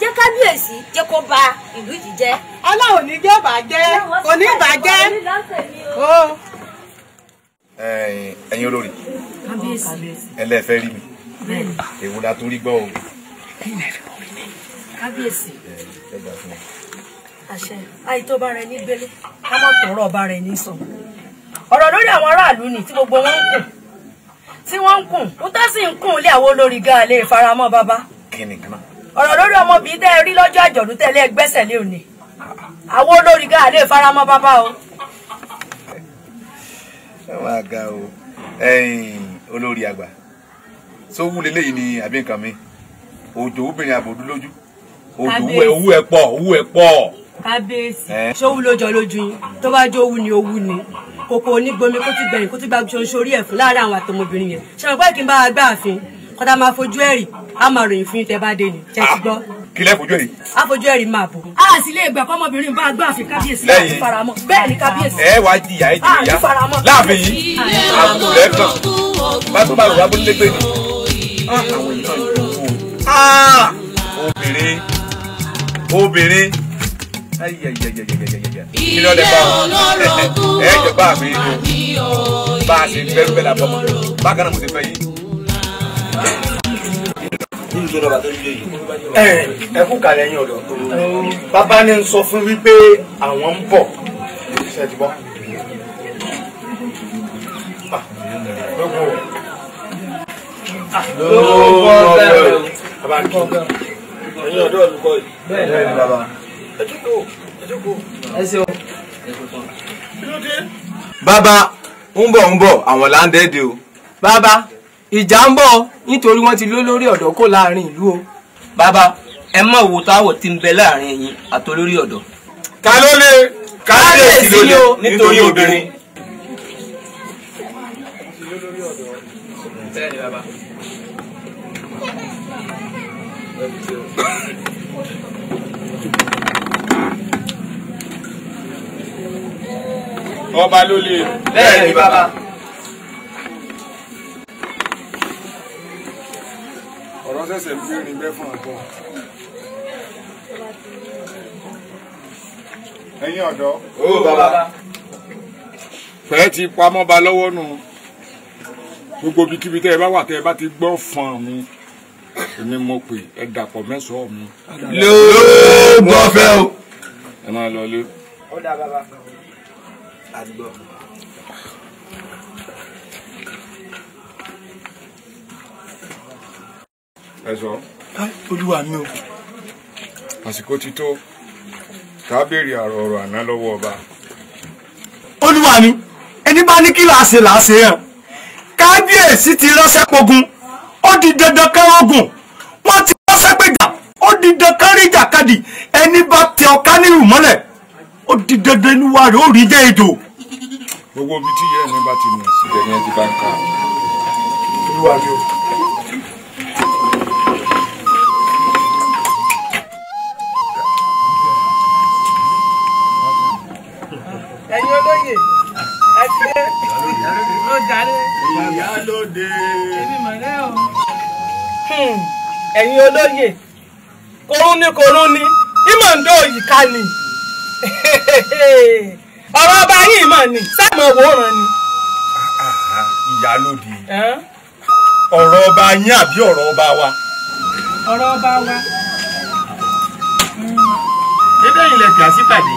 jẹ́ kábíyèsí jẹ́ kó bà ìlú yìí jẹ́. ọlọ́run ní jẹ́ bàjẹ́ kò ní bàjẹ́ o. ẹ̀yin olórí ẹlẹ́fẹ́ rí mi èwo la torí gbọ́ o. kábíyèsí eh, àṣẹ àìtó bá rẹ ní gbélé ká má tọrọ ọba rẹ ní sọ ọ̀rọ̀ lórí àwọn aráàlú ni tí gbogbo wọn ń kùn tí wọ́n ń kùn ń tá sì ń kùn lé àwọn olórí gan àlè ìfaramọ́ bàbá ọ̀rọ̀ lórí ọmọbìnrin tẹ́ ẹ rí lọ́jọ́ àjọ̀dún tẹ́lẹ̀ gbẹ́sẹ̀ lé òní àwọn olórí o. ẹ máa ga o olórí àgbà tó wúlé léyìí ni àbí nǹkan mi òjò obìnrin àbòdú lójú òjò owó ẹ pọ̀ owó ẹ pọ̀. kábíyèsí ṣówú ló jọ lójú yín tó bá jó owú ni owú ni kòkò onígbomi kó ti gbẹ̀yìn kó ti gba ṣoṣo orí ẹ̀ fún láàárín àwọn àtọmọbìnrin yẹn ṣe wọn pé kí n bá wa gbá àfin kọta máa fojú ẹ̀rì á máa ròyìn fún yín tẹ bá dé ni jẹ́ ti ah, gbọ́ kí lẹ́ fojú ẹ̀rí. a fojú ẹ̀rí máa bò. a sì lè gbà kọ́mọbìnrin bá a gbọ́ àfi kábíyèsí láti faramọ́ bẹ́ẹ̀ ni kábíyèsí. ẹ wá jìyà ẹ jìyà láàbì yìí àbúrò ẹ kàn bá tó máa rò wá bó lé gbé ni àwọn èèyàn yòówù obìnrin obìnrin kí ló lè bá wọn ẹ jọ bá mi ni o bá a ṣe fẹ́ fẹ́ la bọ́ mọ́ bákan náà mo ti fẹ́ yìí. ẹ kú kàlẹ́ yín ọ̀dọ́ bàbá ni ń sọ fún wípé àwọn ń bọ̀ ṣe ti bọ́. ẹ̀yin ọ̀dọ́ olùkọ́ yìí. bẹ́ẹ̀ ni bàbá. ẹ jókòó ẹ jókòó. ẹ ṣeun. bàbá ń bọ̀ ń bọ̀ àwọn láńdẹ́ẹ̀dẹ̀ o. bàbá ìjà ń bọ̀ nítorí wọ́n ti ló lórí ọ̀dọ́ kó láàrin ìlú o. bàbá ẹ mọ̀ wo táwọ̀ ti ń bẹ láàrin ẹ̀yìn àtolórí ọ̀dọ́. ta ló lè kábíyèsí ló lè nítorí obìnrin. ọba ló lè. bẹ́ẹ̀ ni bàbá. ọ̀rọ̀ ṣẹ̀ṣẹ̀ ń gbé nígbẹ́ fún ọ̀tọ̀. ẹ̀yin ọ̀dọ́. ó bàbá. fẹ́ẹ́ ti pamọ́ ba lọ́wọ́ nù gbogbo ibikíbi tẹ́ ẹ bá wà tẹ́ ẹ bá ti gbọ́ fọ̀n mi èmi mo pè ẹ dàpọ̀ mẹ́sàn-án mi. lóò gbọ́ fẹ́ o. ẹ máa lọ lé. ó dá bàbá kan àdúgbò. ẹ sọ. olúwa mi o. àsìkò ti tó ká béèrè àrò ọ̀rọ̀ àná lọ́wọ́ ọba. olúwa mi ẹni bá ní kí làá ṣe làá kábíyèsí ti ránṣẹ́ pogun ó di dandan kan ogun wọ́n ti wọ́n sápẹ̀jà ó di dandan kan ríjà kadì ẹni bá tẹ ọ̀ká nírù mọ́lẹ̀ ó di dandan inú wa rẹ̀ ó rí jẹ́ èjò. gbogbo ibi tí ìyá ẹni bá ti nà sí ẹni ẹni bá ń kà olúwa mi ò. ẹ̀yin olóyè ó jàre. ìyálóde. èmi mọ̀lẹ́ o. Hmm, ẹ̀yin olóyè korún ní korún ní ìmọ̀ ń dó òyìká ni ọ̀rọ̀ ọba yìí mọ̀ ni sẹ́mọ̀ wòran ni. ìyálóde ọ̀rọ̀ ọba yín àbí ọ̀rọ̀ ọba wa. ọ̀rọ̀ ọba wa. ebe yìí lè gbà sí pàdé.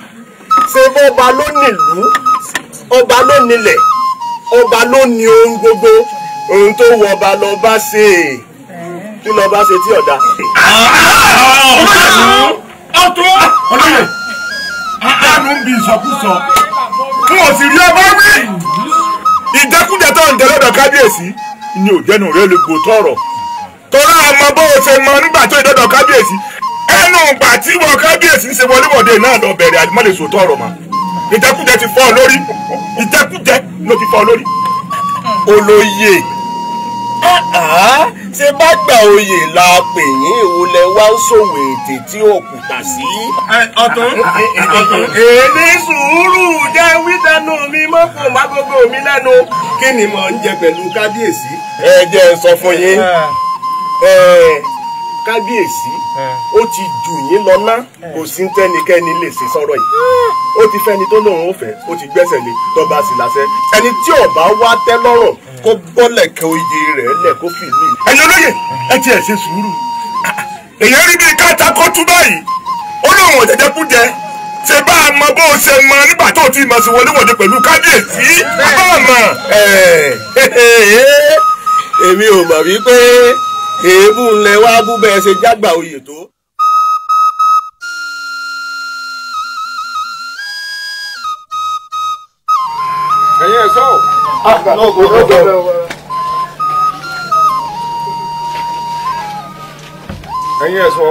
ṣe bọ́ba ló nílùú ọba ló nílẹ̀ ọba ló ní ohun gbogbo ohun tó wọ ọba lọba ṣe kí lọba ṣe tí ọ̀dà. ọtún ọlọ́yẹ̀ àánú ń bi ìsọkúsọ n ò sì rí ọba rí ìdẹ́kùnjẹ tó ń tẹ́lọ́dọ̀ kábíyèsí ni òjẹ́nu rẹ̀ lè gbò tọ̀rọ̀ tọ́lá ọmọ bó o ṣe mọ nígbà tó ìdọ́dọ̀ kábíyèsí ẹnu ìgbà tí wọn kábíyèsí ń ṣe wọléwọ̀de náà lọ bẹ̀rẹ̀ àdìmọ́lẹ̀ sòótọ́ ọ̀rọ̀ mà ìjẹkújẹ ti fọ́ lórí ìjẹkújẹ ló ti fọ́ ọ lórí. olóyè ṣe bá gba oyè la pè yín ìwúlẹ̀ wá sòwò ètè tí ó kùtà sí. ọ̀tún ọ̀tún èmi sùúrù jẹ́ wídẹ́nu mi mọ́kùn mágógó mi lẹ́nu kí ni mò ń jẹ pẹ̀lú kábíyèsí. ẹ jẹ́ sọ fún yín kábíyèsí ó ti jù yín lọ́nà kò sí tẹ́nikẹ́ni lè ṣe sọ̀rọ̀ yìí ah. ó ti fẹ́ni tó lóun ó fẹ́ ó ti gbẹ́sẹ̀ lé tọ́ba sì láṣẹ ẹni tí ọba wá tẹ́ lọ́rọ̀ kó bọ́lẹ̀ kẹ oyè rẹ̀ lẹ̀ kó fi mí. ẹ̀yin olóye ẹ tiẹ̀ ṣe sùúrù èèyàn rí bíi káta kọ́tú báyìí ó lóun ò jẹjẹ kú jẹ ṣe bá a mọ bó o ṣe mọ nígbà tó o ti mọ sí wọléwọ̀de pẹ̀lú kábíyèsí abáàmọ̀. èmi ò mọ̀ wípé èébú ńlẹ wá bú bẹ́ẹ̀ ṣe jágbà oyè tó. ẹ̀yin ẹ̀ sọ́ọ̀ ah, àgbà náà kò lọ́jọ́. ẹ̀yin ẹ̀ sọ.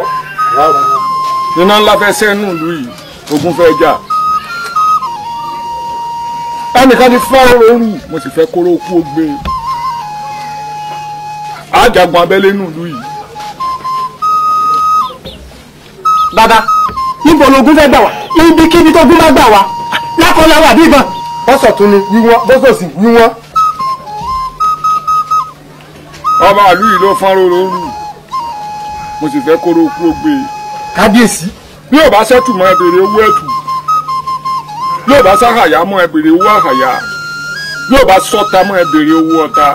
iná ńlá fẹ́ sẹ́nu ìlú yìí ogun fẹ́ jà ẹnìkan ti fẹ́ òru mo sì fẹ́ kóró kú ó gbé e àjàgbọ́n abẹ́lé nù lù yìí. bàbá níbo lóògùn fẹ́ gbà wá ibikíbi tó gún bá gbà wá lákọlá wà bí ìbọn. bọ́sọ̀ tún ni wíwọ́n bọ́sọ̀ sì wíwọ́n. ọba àlú yìí ló fọ́n róró rù mo sì fẹ́ kóró kú ó gbé e. kábíyèsí. bí ò bá sẹ́tù mọ́ ẹ bèrè owó ẹ̀tù bí ò bá sáhàyà mọ́ ẹ owó àhàyà bí bá sọ́ta mọ́ ẹ owó ọ̀ta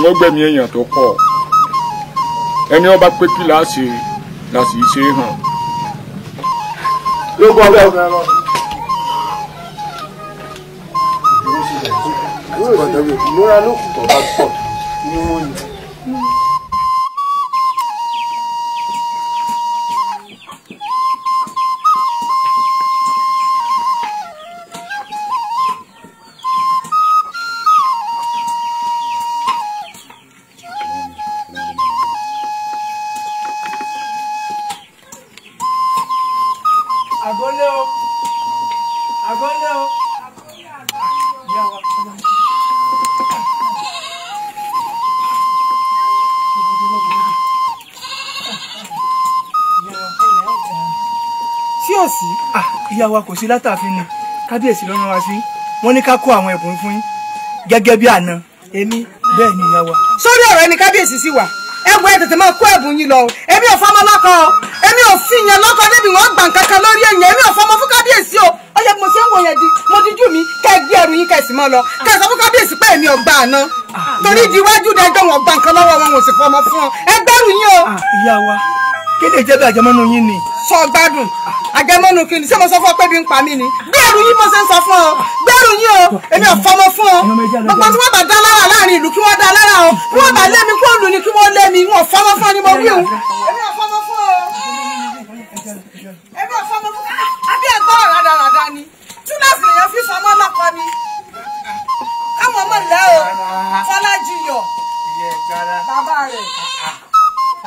wọ́n gbẹ̀mí èèyàn tó pọ̀ ẹni ọba pé kí láàṣẹ láti ṣe é hàn. múra ló kù bá pọ̀ ní wọ́n ní. ìyá wa kò sí látàfin ni kábíyèsí lọ́nà wa sí wọ́n ní ká kó àwọn ẹ̀bùn fún yín gẹ́gẹ́ bí àná èmi bẹ́ẹ̀ ni ìyá wa. sórí ọ̀rọ̀ ẹni kábíyèsí sí wa ẹ̀bùn ẹ̀ tètè máa kó ẹ̀bùn yín lọ èmi ò fọmọ lọ́kọ èmi ò fi yẹn lọ́kọ débi wọ́n gbà kankan lórí ẹ̀yìn èmi ò fọmọ fún kábíyèsí o ọyẹ mo ṣe ń wò yẹn di mo di jù mí kẹ́ ẹ gbé ẹrù yín kẹ́ ẹ sì mọ́ lọ kẹ́ ẹ sọ fún kábíyèsí pé èmi ò gbà àná ah, torí di iwájú dájọ́ wọn gbà nǹkan wọn ò sì fọmọ fún ọ ẹgbẹ́rù yín o. Ah, ìyá wa kí lè jẹ́ bí àjẹmọ́nú yín ni. sọ gbádùn àjẹmọ́nú kí ni ṣé mo sọ fún ọ pé bí ń pa mí ni gbẹ́rù yín mo ṣe ń sọ fún ọ gbẹ́rù yín o èmi ò fọmọ fún ọ gbogbo tí wọ́n bá dá lára láàrin ìlú kí wọ́n dá lára o kí wọ́n bá lé mi lù ní kí wọ́n lé mi fọmọ fún ọ ni mo wí o èmi ò fọmọ fún ọ ah, fi fọmọ lọ́kọ ni káwọn ọmọ lẹ́ o Fọlájiyọ̀ bàbá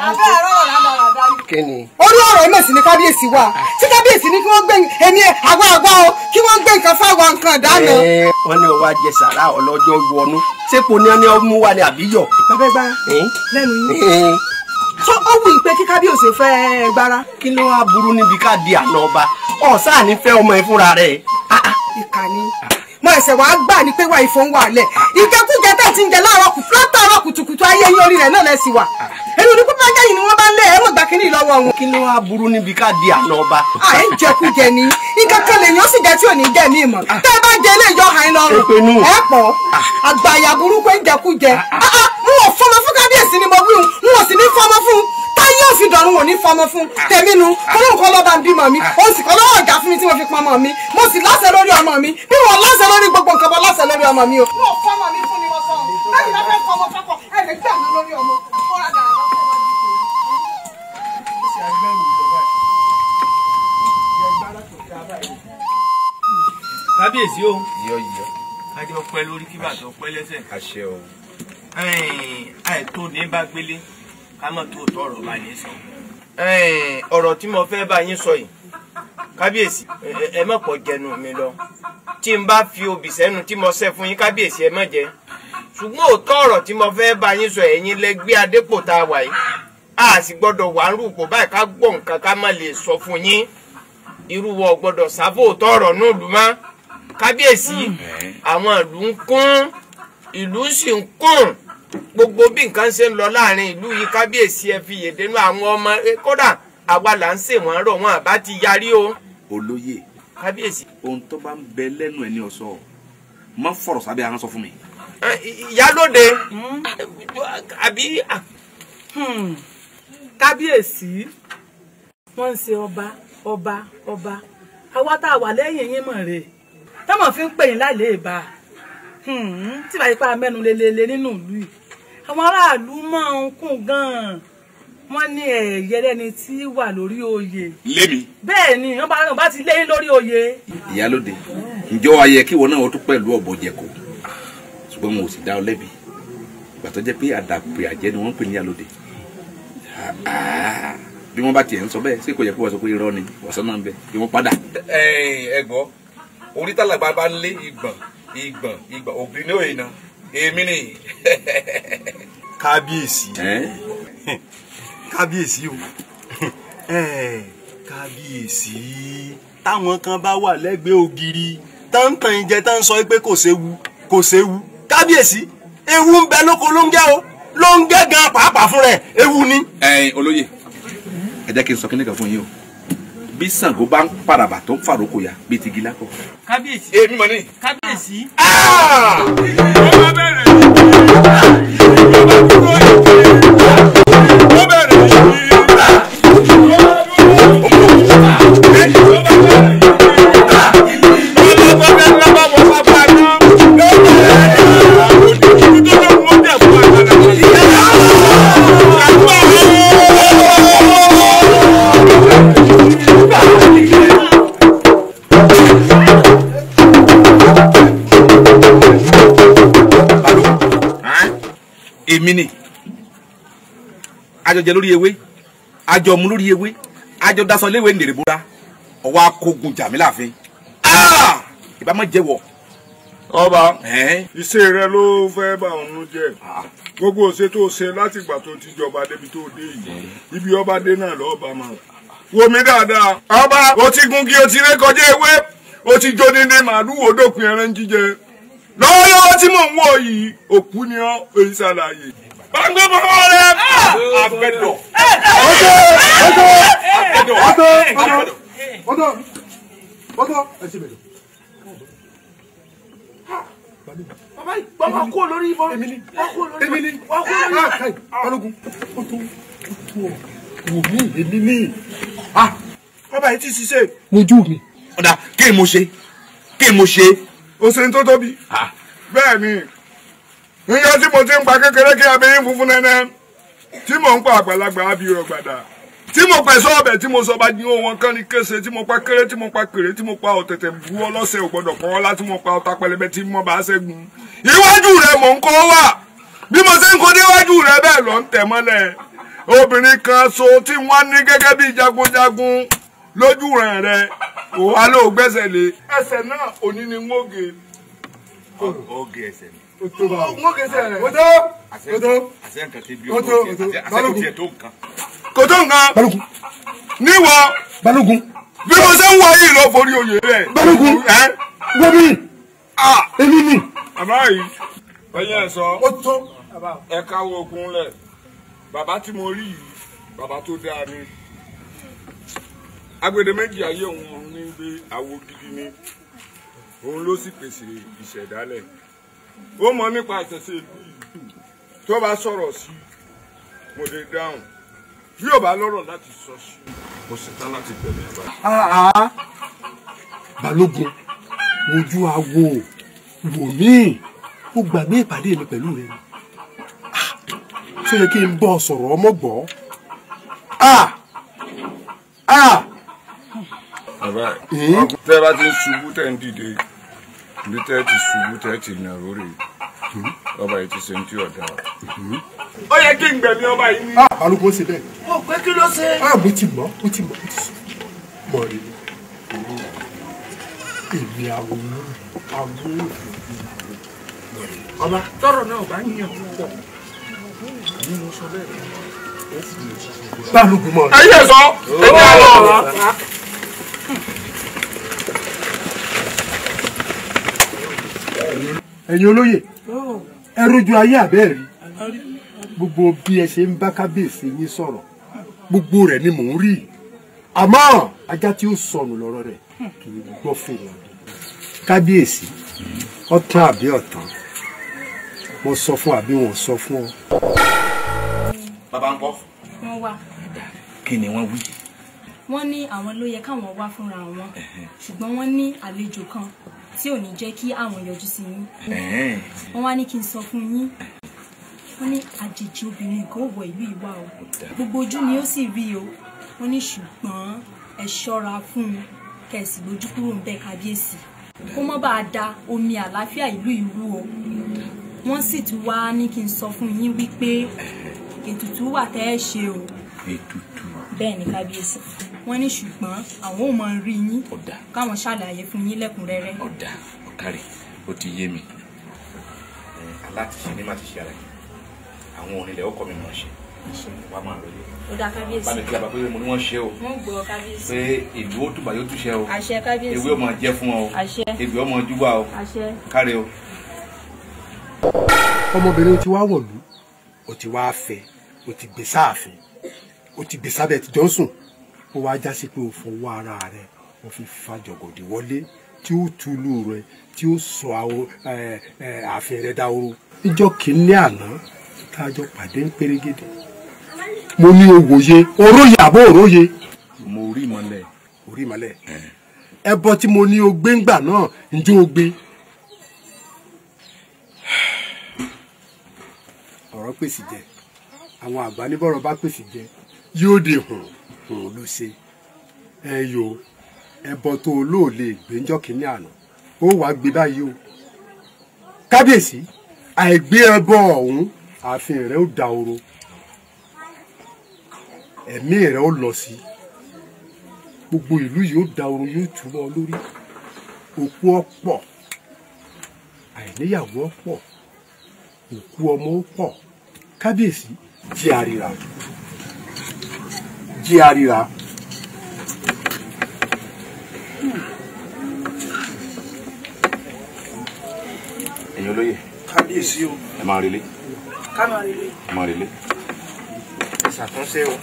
abẹ́ ẹ̀rọ wà ládàradà ni. orí ọ̀rọ̀ náà sì ni kábíyèsí wa tí kábíyèsí ní kí wọ́n gbé ẹni àgbà àgbà o kí wọ́n gbé nǹkan fáwọn nǹkan dáná. wọ́n ní ọwọ́ ajẹ sàrà ọlọ́jọ́ wọnú sépò ní ẹni ọmú wa ni àbíyọ̀. bàbá ẹgbà lẹ́nu yín sọ ó wù í pé kí kábíyèsí fẹ́ ẹ gbára. kí ló wá burú níbi ká di àná ọba ọ̀sán ànífẹ́ ọmọ ẹ fúnra rẹ̀. Ah, ah, ìkànnì mo ẹ̀sẹ̀ wàá gbà ní pé wà ìfọ̀n wà lẹ̀ ìjẹkújẹ tẹ̀ ti ń jẹ láàárọ̀ kù látàárọ̀ kùtùkùtù ayé yín orí rẹ̀ náà lẹ́sìn wà èrò ah. ní yìí ni wọ́n bá lé ẹ̀rọ lọ́wọ́ wọn. kí ló wá burú níbi ká di àná ọba. à ń jẹkújẹ ni nǹkan kan lè sì jẹ tí ò ní jẹ mí mọ ah. bá jẹ ilé ìjọ òun ò ní fọmọ fún tèmi nu kọlọ́hún kọ́ lọ́ba ń bímọ mi ó sì kọ́ ọ̀gá fún mi tí mo fi pamọ́ mi mo sì láṣẹ lórí ọmọ mi bí wọn láṣẹ lórí gbogbo nǹkan bọ láṣẹ lórí ọmọ mi o. mo fọmọ mi fún ni mo lórí kí bàtọ pẹ́ lẹ́sẹ̀ àṣẹ o àìtó ní bá gbélé ká mọ tó tọrọ bá ní sọ ọ̀rọ̀ tí mo fẹ́ bá yín sọ yìí kábíyèsí ẹ má pọ̀ jẹnu mi lọ tí n bá fi obì sẹ́nu tí mo sẹ́ fún yín kábíyèsí ẹ má jẹ ṣùgbọ́n òótọ́ ọ̀rọ̀ tí mo fẹ́ bá yín sọ ẹ̀yin lẹ gbé adépò tá a wà yìí a sì gbọ́dọ̀ wà ń rúpò báyìí ká gbọ́ nǹkan ká má lè sọ fún yín irú wọ gbọ́dọ̀ sábò òótọ́ ọ̀rọ̀ náà lù mọ́ kábíyèsí àwọn ìlú ń kún ìlú sì ń kún gbogbo bí nǹkan ṣe ń lọ láàrin ìlú yìí kábíyèsí ẹ fi yèdénú àwọn ọmọ eh, kódà àwa là ń sè wọ́n rọ̀ wọ́n àbá ti yarí o. olóyè kábíyèsí. ohun tó bá ń bẹ lẹ́nu ẹ̀ ní ọ̀sọ́ má fọ̀rọ̀ sábẹ́ ahọ́n sọ fún mi. ìyálóde hmm. àbí. Hmm. kábíyèsí wọ́n ń ṣe ọba ọba ọba àwa tá a wà lẹ́yìn yín mọ̀ rè táwọn fi ń pè yín láìlè bá hmm. tí bá yí pa mẹ́nu lélele nínú ìlú yìí àwọn aráàlú máa ń kún gan-an wọ́n ní ẹ̀yẹ lẹ́ni tí wà lórí oyè. lémi. bẹ́ẹ̀ ni wọ́n bá wọ́n bá ti léyìn lórí oyè. ìyálóde ǹjọ́ ayẹ kí wọn náà wọ́n tún pẹ̀lú ọ̀bọ jẹ̀kọ̀ ṣùgbọ́n mo ò sì dá ọ lẹ́bi ìgbà tó jẹ́ pé àdàpè àjẹ́ ni wọ́n ń pè ní ìyálóde bí wọ́n bá tiẹ̀ ń sọ bẹ́ẹ̀ ṣé kò yẹ kó wọ́n sọ pé irọ́ ni ọ̀sán náà ń bẹ kí wọ́n padà. ẹ ẹ gbọ́ orí tálàgbà bá ń lé ìgbọ̀n ìgbọ̀n ìgbọ̀n òbí ní òyìnbó èmi ni. kábíyèsí kábíyèsí o kábíyèsí táwọn kan bá wà lẹ́gbẹ̀ẹ́ ògiri táǹtàn ìjẹ tá ń sọ pé kò séwu kò séwu kábíyèsí ewu ń bẹ lóko ló ń gẹ́ o ló ń gẹ́ gan pàápàá fún rẹ̀ ewu ni. ẹ olóye ẹ jẹ́ kí n sọ kí n lè kàn fún yín o bí Ṣàngó bá ń paraba tó ń faroko ya bí ti gila kọ. kábíyèsí. èmi mọ̀ ní. kábíyèsí. ọba ah! bẹ̀rẹ̀. èmi ni àjọ lórí ewé àjọ lórí ewé àjọ daṣọ léwé nèrèbúra ọwọ́ akógun jàmí láàfin ah! ìbámu jẹ́wọ́. ọba iṣẹ́ rẹ ló fẹ́ bá òun jẹ́ ah. gbogbo òṣè tó ṣe láti ìgbà tó ti jọba débi tó dé yìí ibi ọba dé náà lọ́ọ́ba máa wò mí dáadáa ọba o ti o ti rékọjá ewé o ti jó dídé màálù odópin ẹran jíjẹ lọ́wọ́lọ́wọ́ tí mò ń wò yìí òkú ni ọ́ èyí ṣàlàyé gbàgbé bàbá rẹ àbẹ̀dọ̀ ọ̀dọ̀ ọ̀dọ̀ àbẹ̀dọ̀ ọ̀dọ̀ ọ̀dọ̀ ọ̀dọ̀ ẹ̀sìn bàbá yìí bàbá kú olórí ìbọn emily emily akai balógun ó tó wò mí èmi ní ah. bàbá yìí ti ṣiṣẹ́. mojú mi. ọ̀dà kí ni mo ṣe kí ni mo ṣe ó ṣe ń tó tóbi bẹ́ẹ̀ ni níjọ́ tí mo ti ń pa kékeré kí abẹ́yìn funfun nẹ́nẹ́ tí mò ń pa àgbàlagbà abiyọ̀ gbàdà tí mo pẹ̀sọ́ ọbẹ̀ tí mo sọ bá dín wọn kán ní kése tí mo pa kéré tí mo pa kéré tí mo pa ọ̀tẹ̀tẹ̀ bu ọlọ́sẹ̀ ògbọ́dọ̀ pọ̀ ọlá tí mo pa ọta pẹlẹbẹ tí mo bá ṣẹ́gun iwájú rẹ mò ń kọ́ wà bí mo ṣe ń kó déwájú rẹ bẹ́ẹ̀ lọ ń tẹ̀ mọ́lẹ̀ obìnrin kan so tí wọ́n ní gẹ́gẹ́ bí jagunjagun lójú rẹ̀ rẹ̀ wà ló gbẹ́sẹ̀ lé ẹsẹ̀ náà òní ni ń wóge. ọgẹ ẹsẹ̀ mi. o tó bá wọn wóge ẹsẹ̀ rẹ. o tó o tó o tó balógun kò tó nǹkan. balógun. níwọ. balógun. bí mo ṣe ń wọ yìí lọ forí oyè rẹ. balógun wọ́n mi. èmi ni. àbá yìí ọyẹ ẹ sọ ẹ káwọ ogun lẹ bàbá tí mo rí yìí bàbá tó dáa ni agbedeméjì ayé wọn ní pé awo gidi ni òun ló sì pèsè ìṣẹ̀dálẹ̀ ó mọ nípa ìṣẹ̀ṣẹ̀ ìlú yìí tó bá sọ̀rọ̀ sí mo lè dáhùn bí ò bá lọ́rọ̀ láti sọ sí mo sì tán láti bẹ̀rẹ̀ ẹ̀ báyìí. balógun ojú awo wò mí ó gbàgbé ìpàdé mi pẹ̀lú rẹ ah! ṣé yẹ kí n bọ́ sọ̀rọ̀ ọmọ gbọ́. Ah! Ah! bàbá hmm? tẹ́ bá ti ṣubú tẹ́ ń dìde bí tẹ́ ti ṣubú tẹ́ ti nà lórí hmm? ọba yìí ti ṣe ń tí ọ̀dà. Hmm? ó yẹ kí n gbẹ̀mí ọba yìí ni. àlùkò ah, ṣe bẹ́ẹ̀. ó pé kí ló ṣe. a ah, mo ti mọ mo ti mọ mo ti sùn mọ rẹ ni èmi àwọn àwọn ọba tọrọ náà bá ń yàn púpọ̀ nínú sọ bẹ́ẹ̀ bá a lùkù ẹ yẹ sọ ẹ ní àlọ ẹ̀yin olóyè oh. ẹ rojú ayé àbẹ́ẹ̀rí gbogbo bí ẹ ṣe ń bá kábíyèsí yín sọ̀rọ̀ gbogbo rẹ̀ ni mò ń rí àmọ́ ajá tí ó sọnù lọ́rọ̀ rẹ̀ kì í gbọ́ fèrè kábíyèsí ọ̀tán àbí ọ̀tán wọ́n sọ fún àbí wọ́n sọ fún ọ. bàbá ń kọ́. wọ́n wà. kí ni wọ́n wí. wọ́n ní àwọn ló yẹ káwọn wá fúnra wọn ṣùgbọ́n wọ́n ní àlejò kan tí ò ní jẹ́ kí àwọn yọjú sí yín wọ́n wá ní kí n sọ fún yín wọ́n ní àjèjì obìnrin kan wọ ìlú ìwà o gbogbo ojú ni ó sì rí o wọ́n ní ṣùgbọ́n ẹ ṣọ́ra fún un kẹ̀sì lójú kúrò ń bẹ́ kábíyèsí kó má bàa da omi àlàáfíà ìlú ìrú o wọ́n sì tún wá ní kí n sọ fún yín wípé ètùtù wà tẹ́ ẹ ṣe o. ètùtù. bẹ́ẹ̀ ni kábíyèsí wọ́n ní ṣùgbọ́n àwọn ò máa rí yín káwọn ṣàlàyé fún yín lẹ́kùnrẹ́rẹ́. ọ̀dà ọ̀kàrẹ̀ ó ti yé mi aláti ṣe ní má ti ṣe ara yìí àwọn onílẹ̀ ó kọ́ mi mọ̀ ṣe wàá máa lọ yẹ. ó dá kábíyèsí. bá mi kí abá pé mo ní wọ́n ṣe o. wọ́n gbọ́ kábíyèsí. pé ìlú ó tùbà yóò túṣẹ́ o. àṣẹ kábíyèsí. ewé ọmọ jẹ fún ọ. àṣẹ. ebè ọmọ júbà o. àṣẹ. káre o. ọmọbìnrin ti wá wọ̀lú o ti wá fẹ́ o ti gbé sáàfin ó ti gbé sábẹ́ ti Johnson ó wá já pé o fọwọ́ ara rẹ o fi fa jọ̀gọ̀dì wọlé tí ó túlù rẹ tí ó sọ ààfin rẹ dáhoro. níjọ́ kìíní àná tá pàdé ń mo ní o wòye oroye àbó òróye. mo rí ìmọ̀lẹ̀. orí ìmọ̀lẹ̀. ẹbọ tí mo ní o gbé ńgbà náà o gbé. ọ̀rọ̀ pèsè jẹ àwọn àgbà ní bá jẹ yóò dé òun ló ṣe ẹ yo ẹbọ tó o lò lè gbẹ́njọ́ kínní àná ó wàá gbé báyìí o kábíyèsí àìgbé ẹbọ ọ̀hún ààfin rẹ ó dahoro ẹ̀mí rẹ ó lọ sí gbogbo ìlú yìí ó dahoro yóò túbọ̀ lórí òkú ọ̀pọ̀ àìníyàwó ọ̀pọ̀ òkú ọmọ ọ̀pọ̀ kábíyèsí jí àríra jẹ́ àríra. ẹ̀yin kábíyèsí o. ẹ máa relé. ká máa relé. ẹ máa relé. ìṣàtúnṣe o.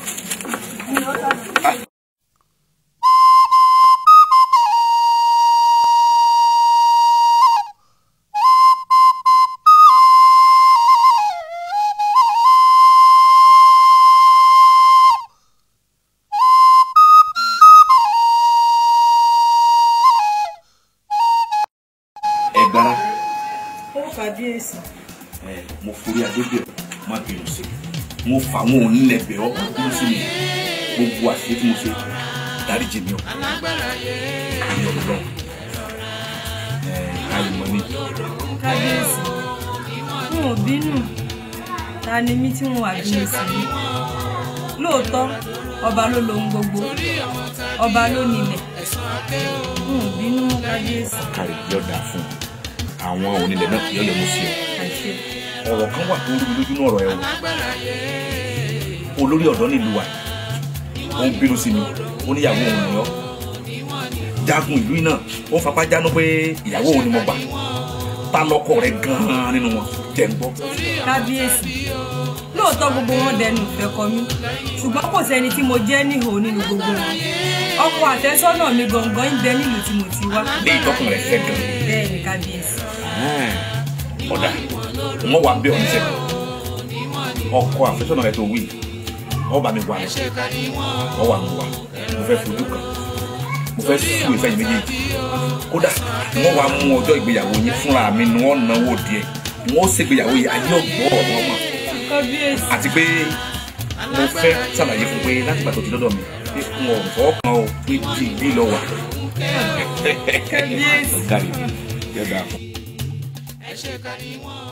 mo ò nílẹ̀ bẹ̀ ọ́ kún sí mi gbogbo àṣírí tí mo ṣe dáríjì mi ò ní ọ̀rọ̀ àìmọ̀ ni. kábíyèsí n ò bínú ta ni mí tí mo wà bínú sí lóòótọ́ ọba ló lohun gbogbo ọba ló nílẹ̀ n ò bínú kábíyèsí. kárí yóò dáa fún àwọn onílẹ̀ náà yóò lè mú sí ọ ọ̀rọ̀ kan wà tó ń rú mi ọ̀rọ̀ ẹ o olórí ọ̀dọ́ nílùú wa ó ń bínú sí mi ó níyàwó òun nìyọ́ jagun ìlú náà ó fapá jánu pé ìyàwó òun ni mo gbà ta lọkọ rẹ gan-an nínú wọn jẹ́ ń gbọ́. kábíyèsí lóòótọ́ gbogbo wọn dẹnu ìfẹ́ kọ mí ṣùgbọ́n kò sẹ́ni tí mo jẹ́ níhò nínú gbogbo wọn ọkọ àfẹ́sọ́nà mi gangan ń bẹ nílùú tí mo ti wá. lè tọkùn rẹ fẹ́ gan. bẹ́ẹ̀ kábíyèsí. ọ̀dà wọn wà bí ọ̀nìṣẹ́ ọkọ àfẹ́sọ́nà rẹ tó wí ọ mi wà rẹ ọ mi wà mo fẹ́ fojú kan mo fẹ́ sùn ìfẹ́ yìí méjèèjì kódà wọ́n wá mú ọjọ́ ìgbéyàwó yín fúnra mi ni wọ́n náwó díẹ̀ wọ́n ṣègbéyàwó yìí ayé ọ̀gbọ́ ọ̀gbọ́ ọmọ àti pé mo fẹ́ ṣàlàyé fún pé láti gbàtọ̀ lọ́dọ̀ mi pé fún ọ fọ́ọ̀kan o pé di ìlú lọ wà. ẹ ṣe kárí wọn.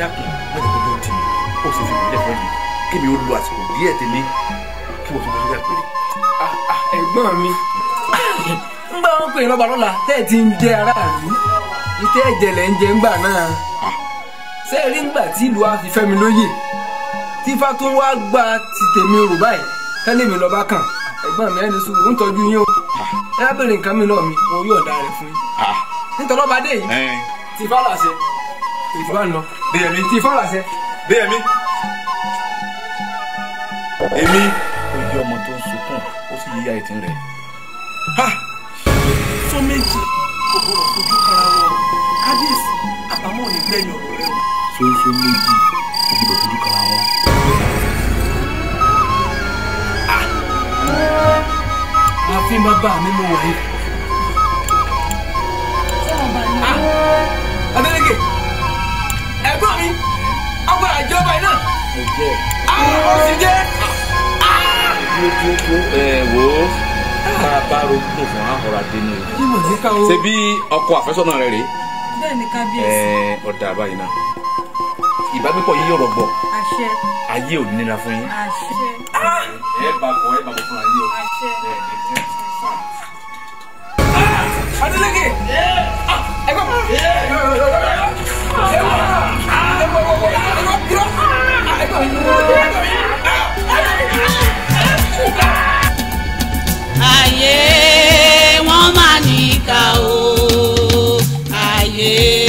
dákun lọ́jọ́ tó dúró tì mí ó sì fi ìpínlẹ̀ fún mi kí mi ó lu àsìkò díẹ̀ tèmi kí wọ́n tó bọ́ sórí àpèrè. ẹ̀gbọ́n mi ń bá wọn pè é lọ́ba lọ́la tẹ́ ẹ ti ń jẹ aráàlú ìtẹ́ ẹ̀jẹ̀ lẹ̀ ń jẹ ńgbà náà ah. ṣé ẹ rí ńgbà tí ìlú àfifẹ́mi lóye tí ifá tó ń wá gba ti tèmi rò báyìí kẹ́lẹ́ mi lọ́ba kàn ẹ̀gbọ́n mi ẹni sùn ń tọ́jú yín o ah. ẹ bá bèrè nǹkan mi náà mi wọn yóò dáa rẹ̀ fún yín ah. nítorí ọba dé yìí tìfá làṣẹ ìjọba ń lọ. Déyẹ̀mí. ti fọ́ làṣẹ. Déyẹ̀mí. èmi kò yí ọmọ tó ń sunkún ó sì yí àìtí rẹ̀. sọ méjì kò gbọdọ̀ fojú kara wọn kábíyèsí àbámọ̀ ní gbẹ̀yìn ọ̀rọ̀ rẹ̀. sọ́nsọ méjì kò gbọdọ̀ fojú kara wọn. àfin bàbá mi mo wà yìí. jẹ́ ọba yìí náà. mo jẹ́ àwọn ọ̀sìn jẹ́. ẹ wo tá a ah, bá rogún fún ahọ́ra dénú rẹ̀ ṣe bí ọkọ àfẹ́sọ́nà rẹ̀ rèé. bẹ́ẹ̀ ni kábíyèsí. ẹ eh, ọ̀dà àbáyìí náà ìbágbépọ̀ yìí yọ̀rọ̀ gbọ̀. àṣẹ. ayé ò nira fún yín. àṣẹ. Eh, ẹ bá kọ ẹ bá fún ayé o ayé wọ́n máa níkà o ayé.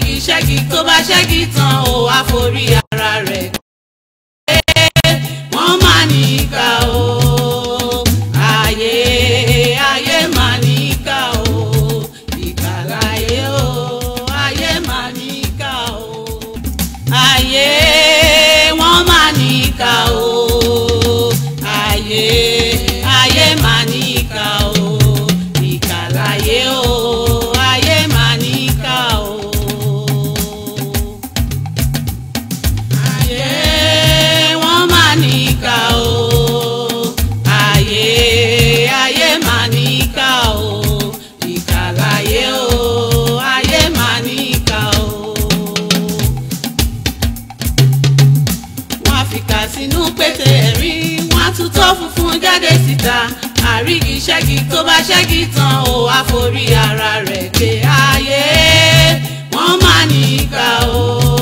bí ìṣẹ́gi tó bá ṣẹ́gi tán ò àforí funfun jáde síta àrí ìṣẹ́gi tó bá ṣẹ́gi tán ó àforí ara rẹ̀ gbé ayé wọ́n máa ní ìka o.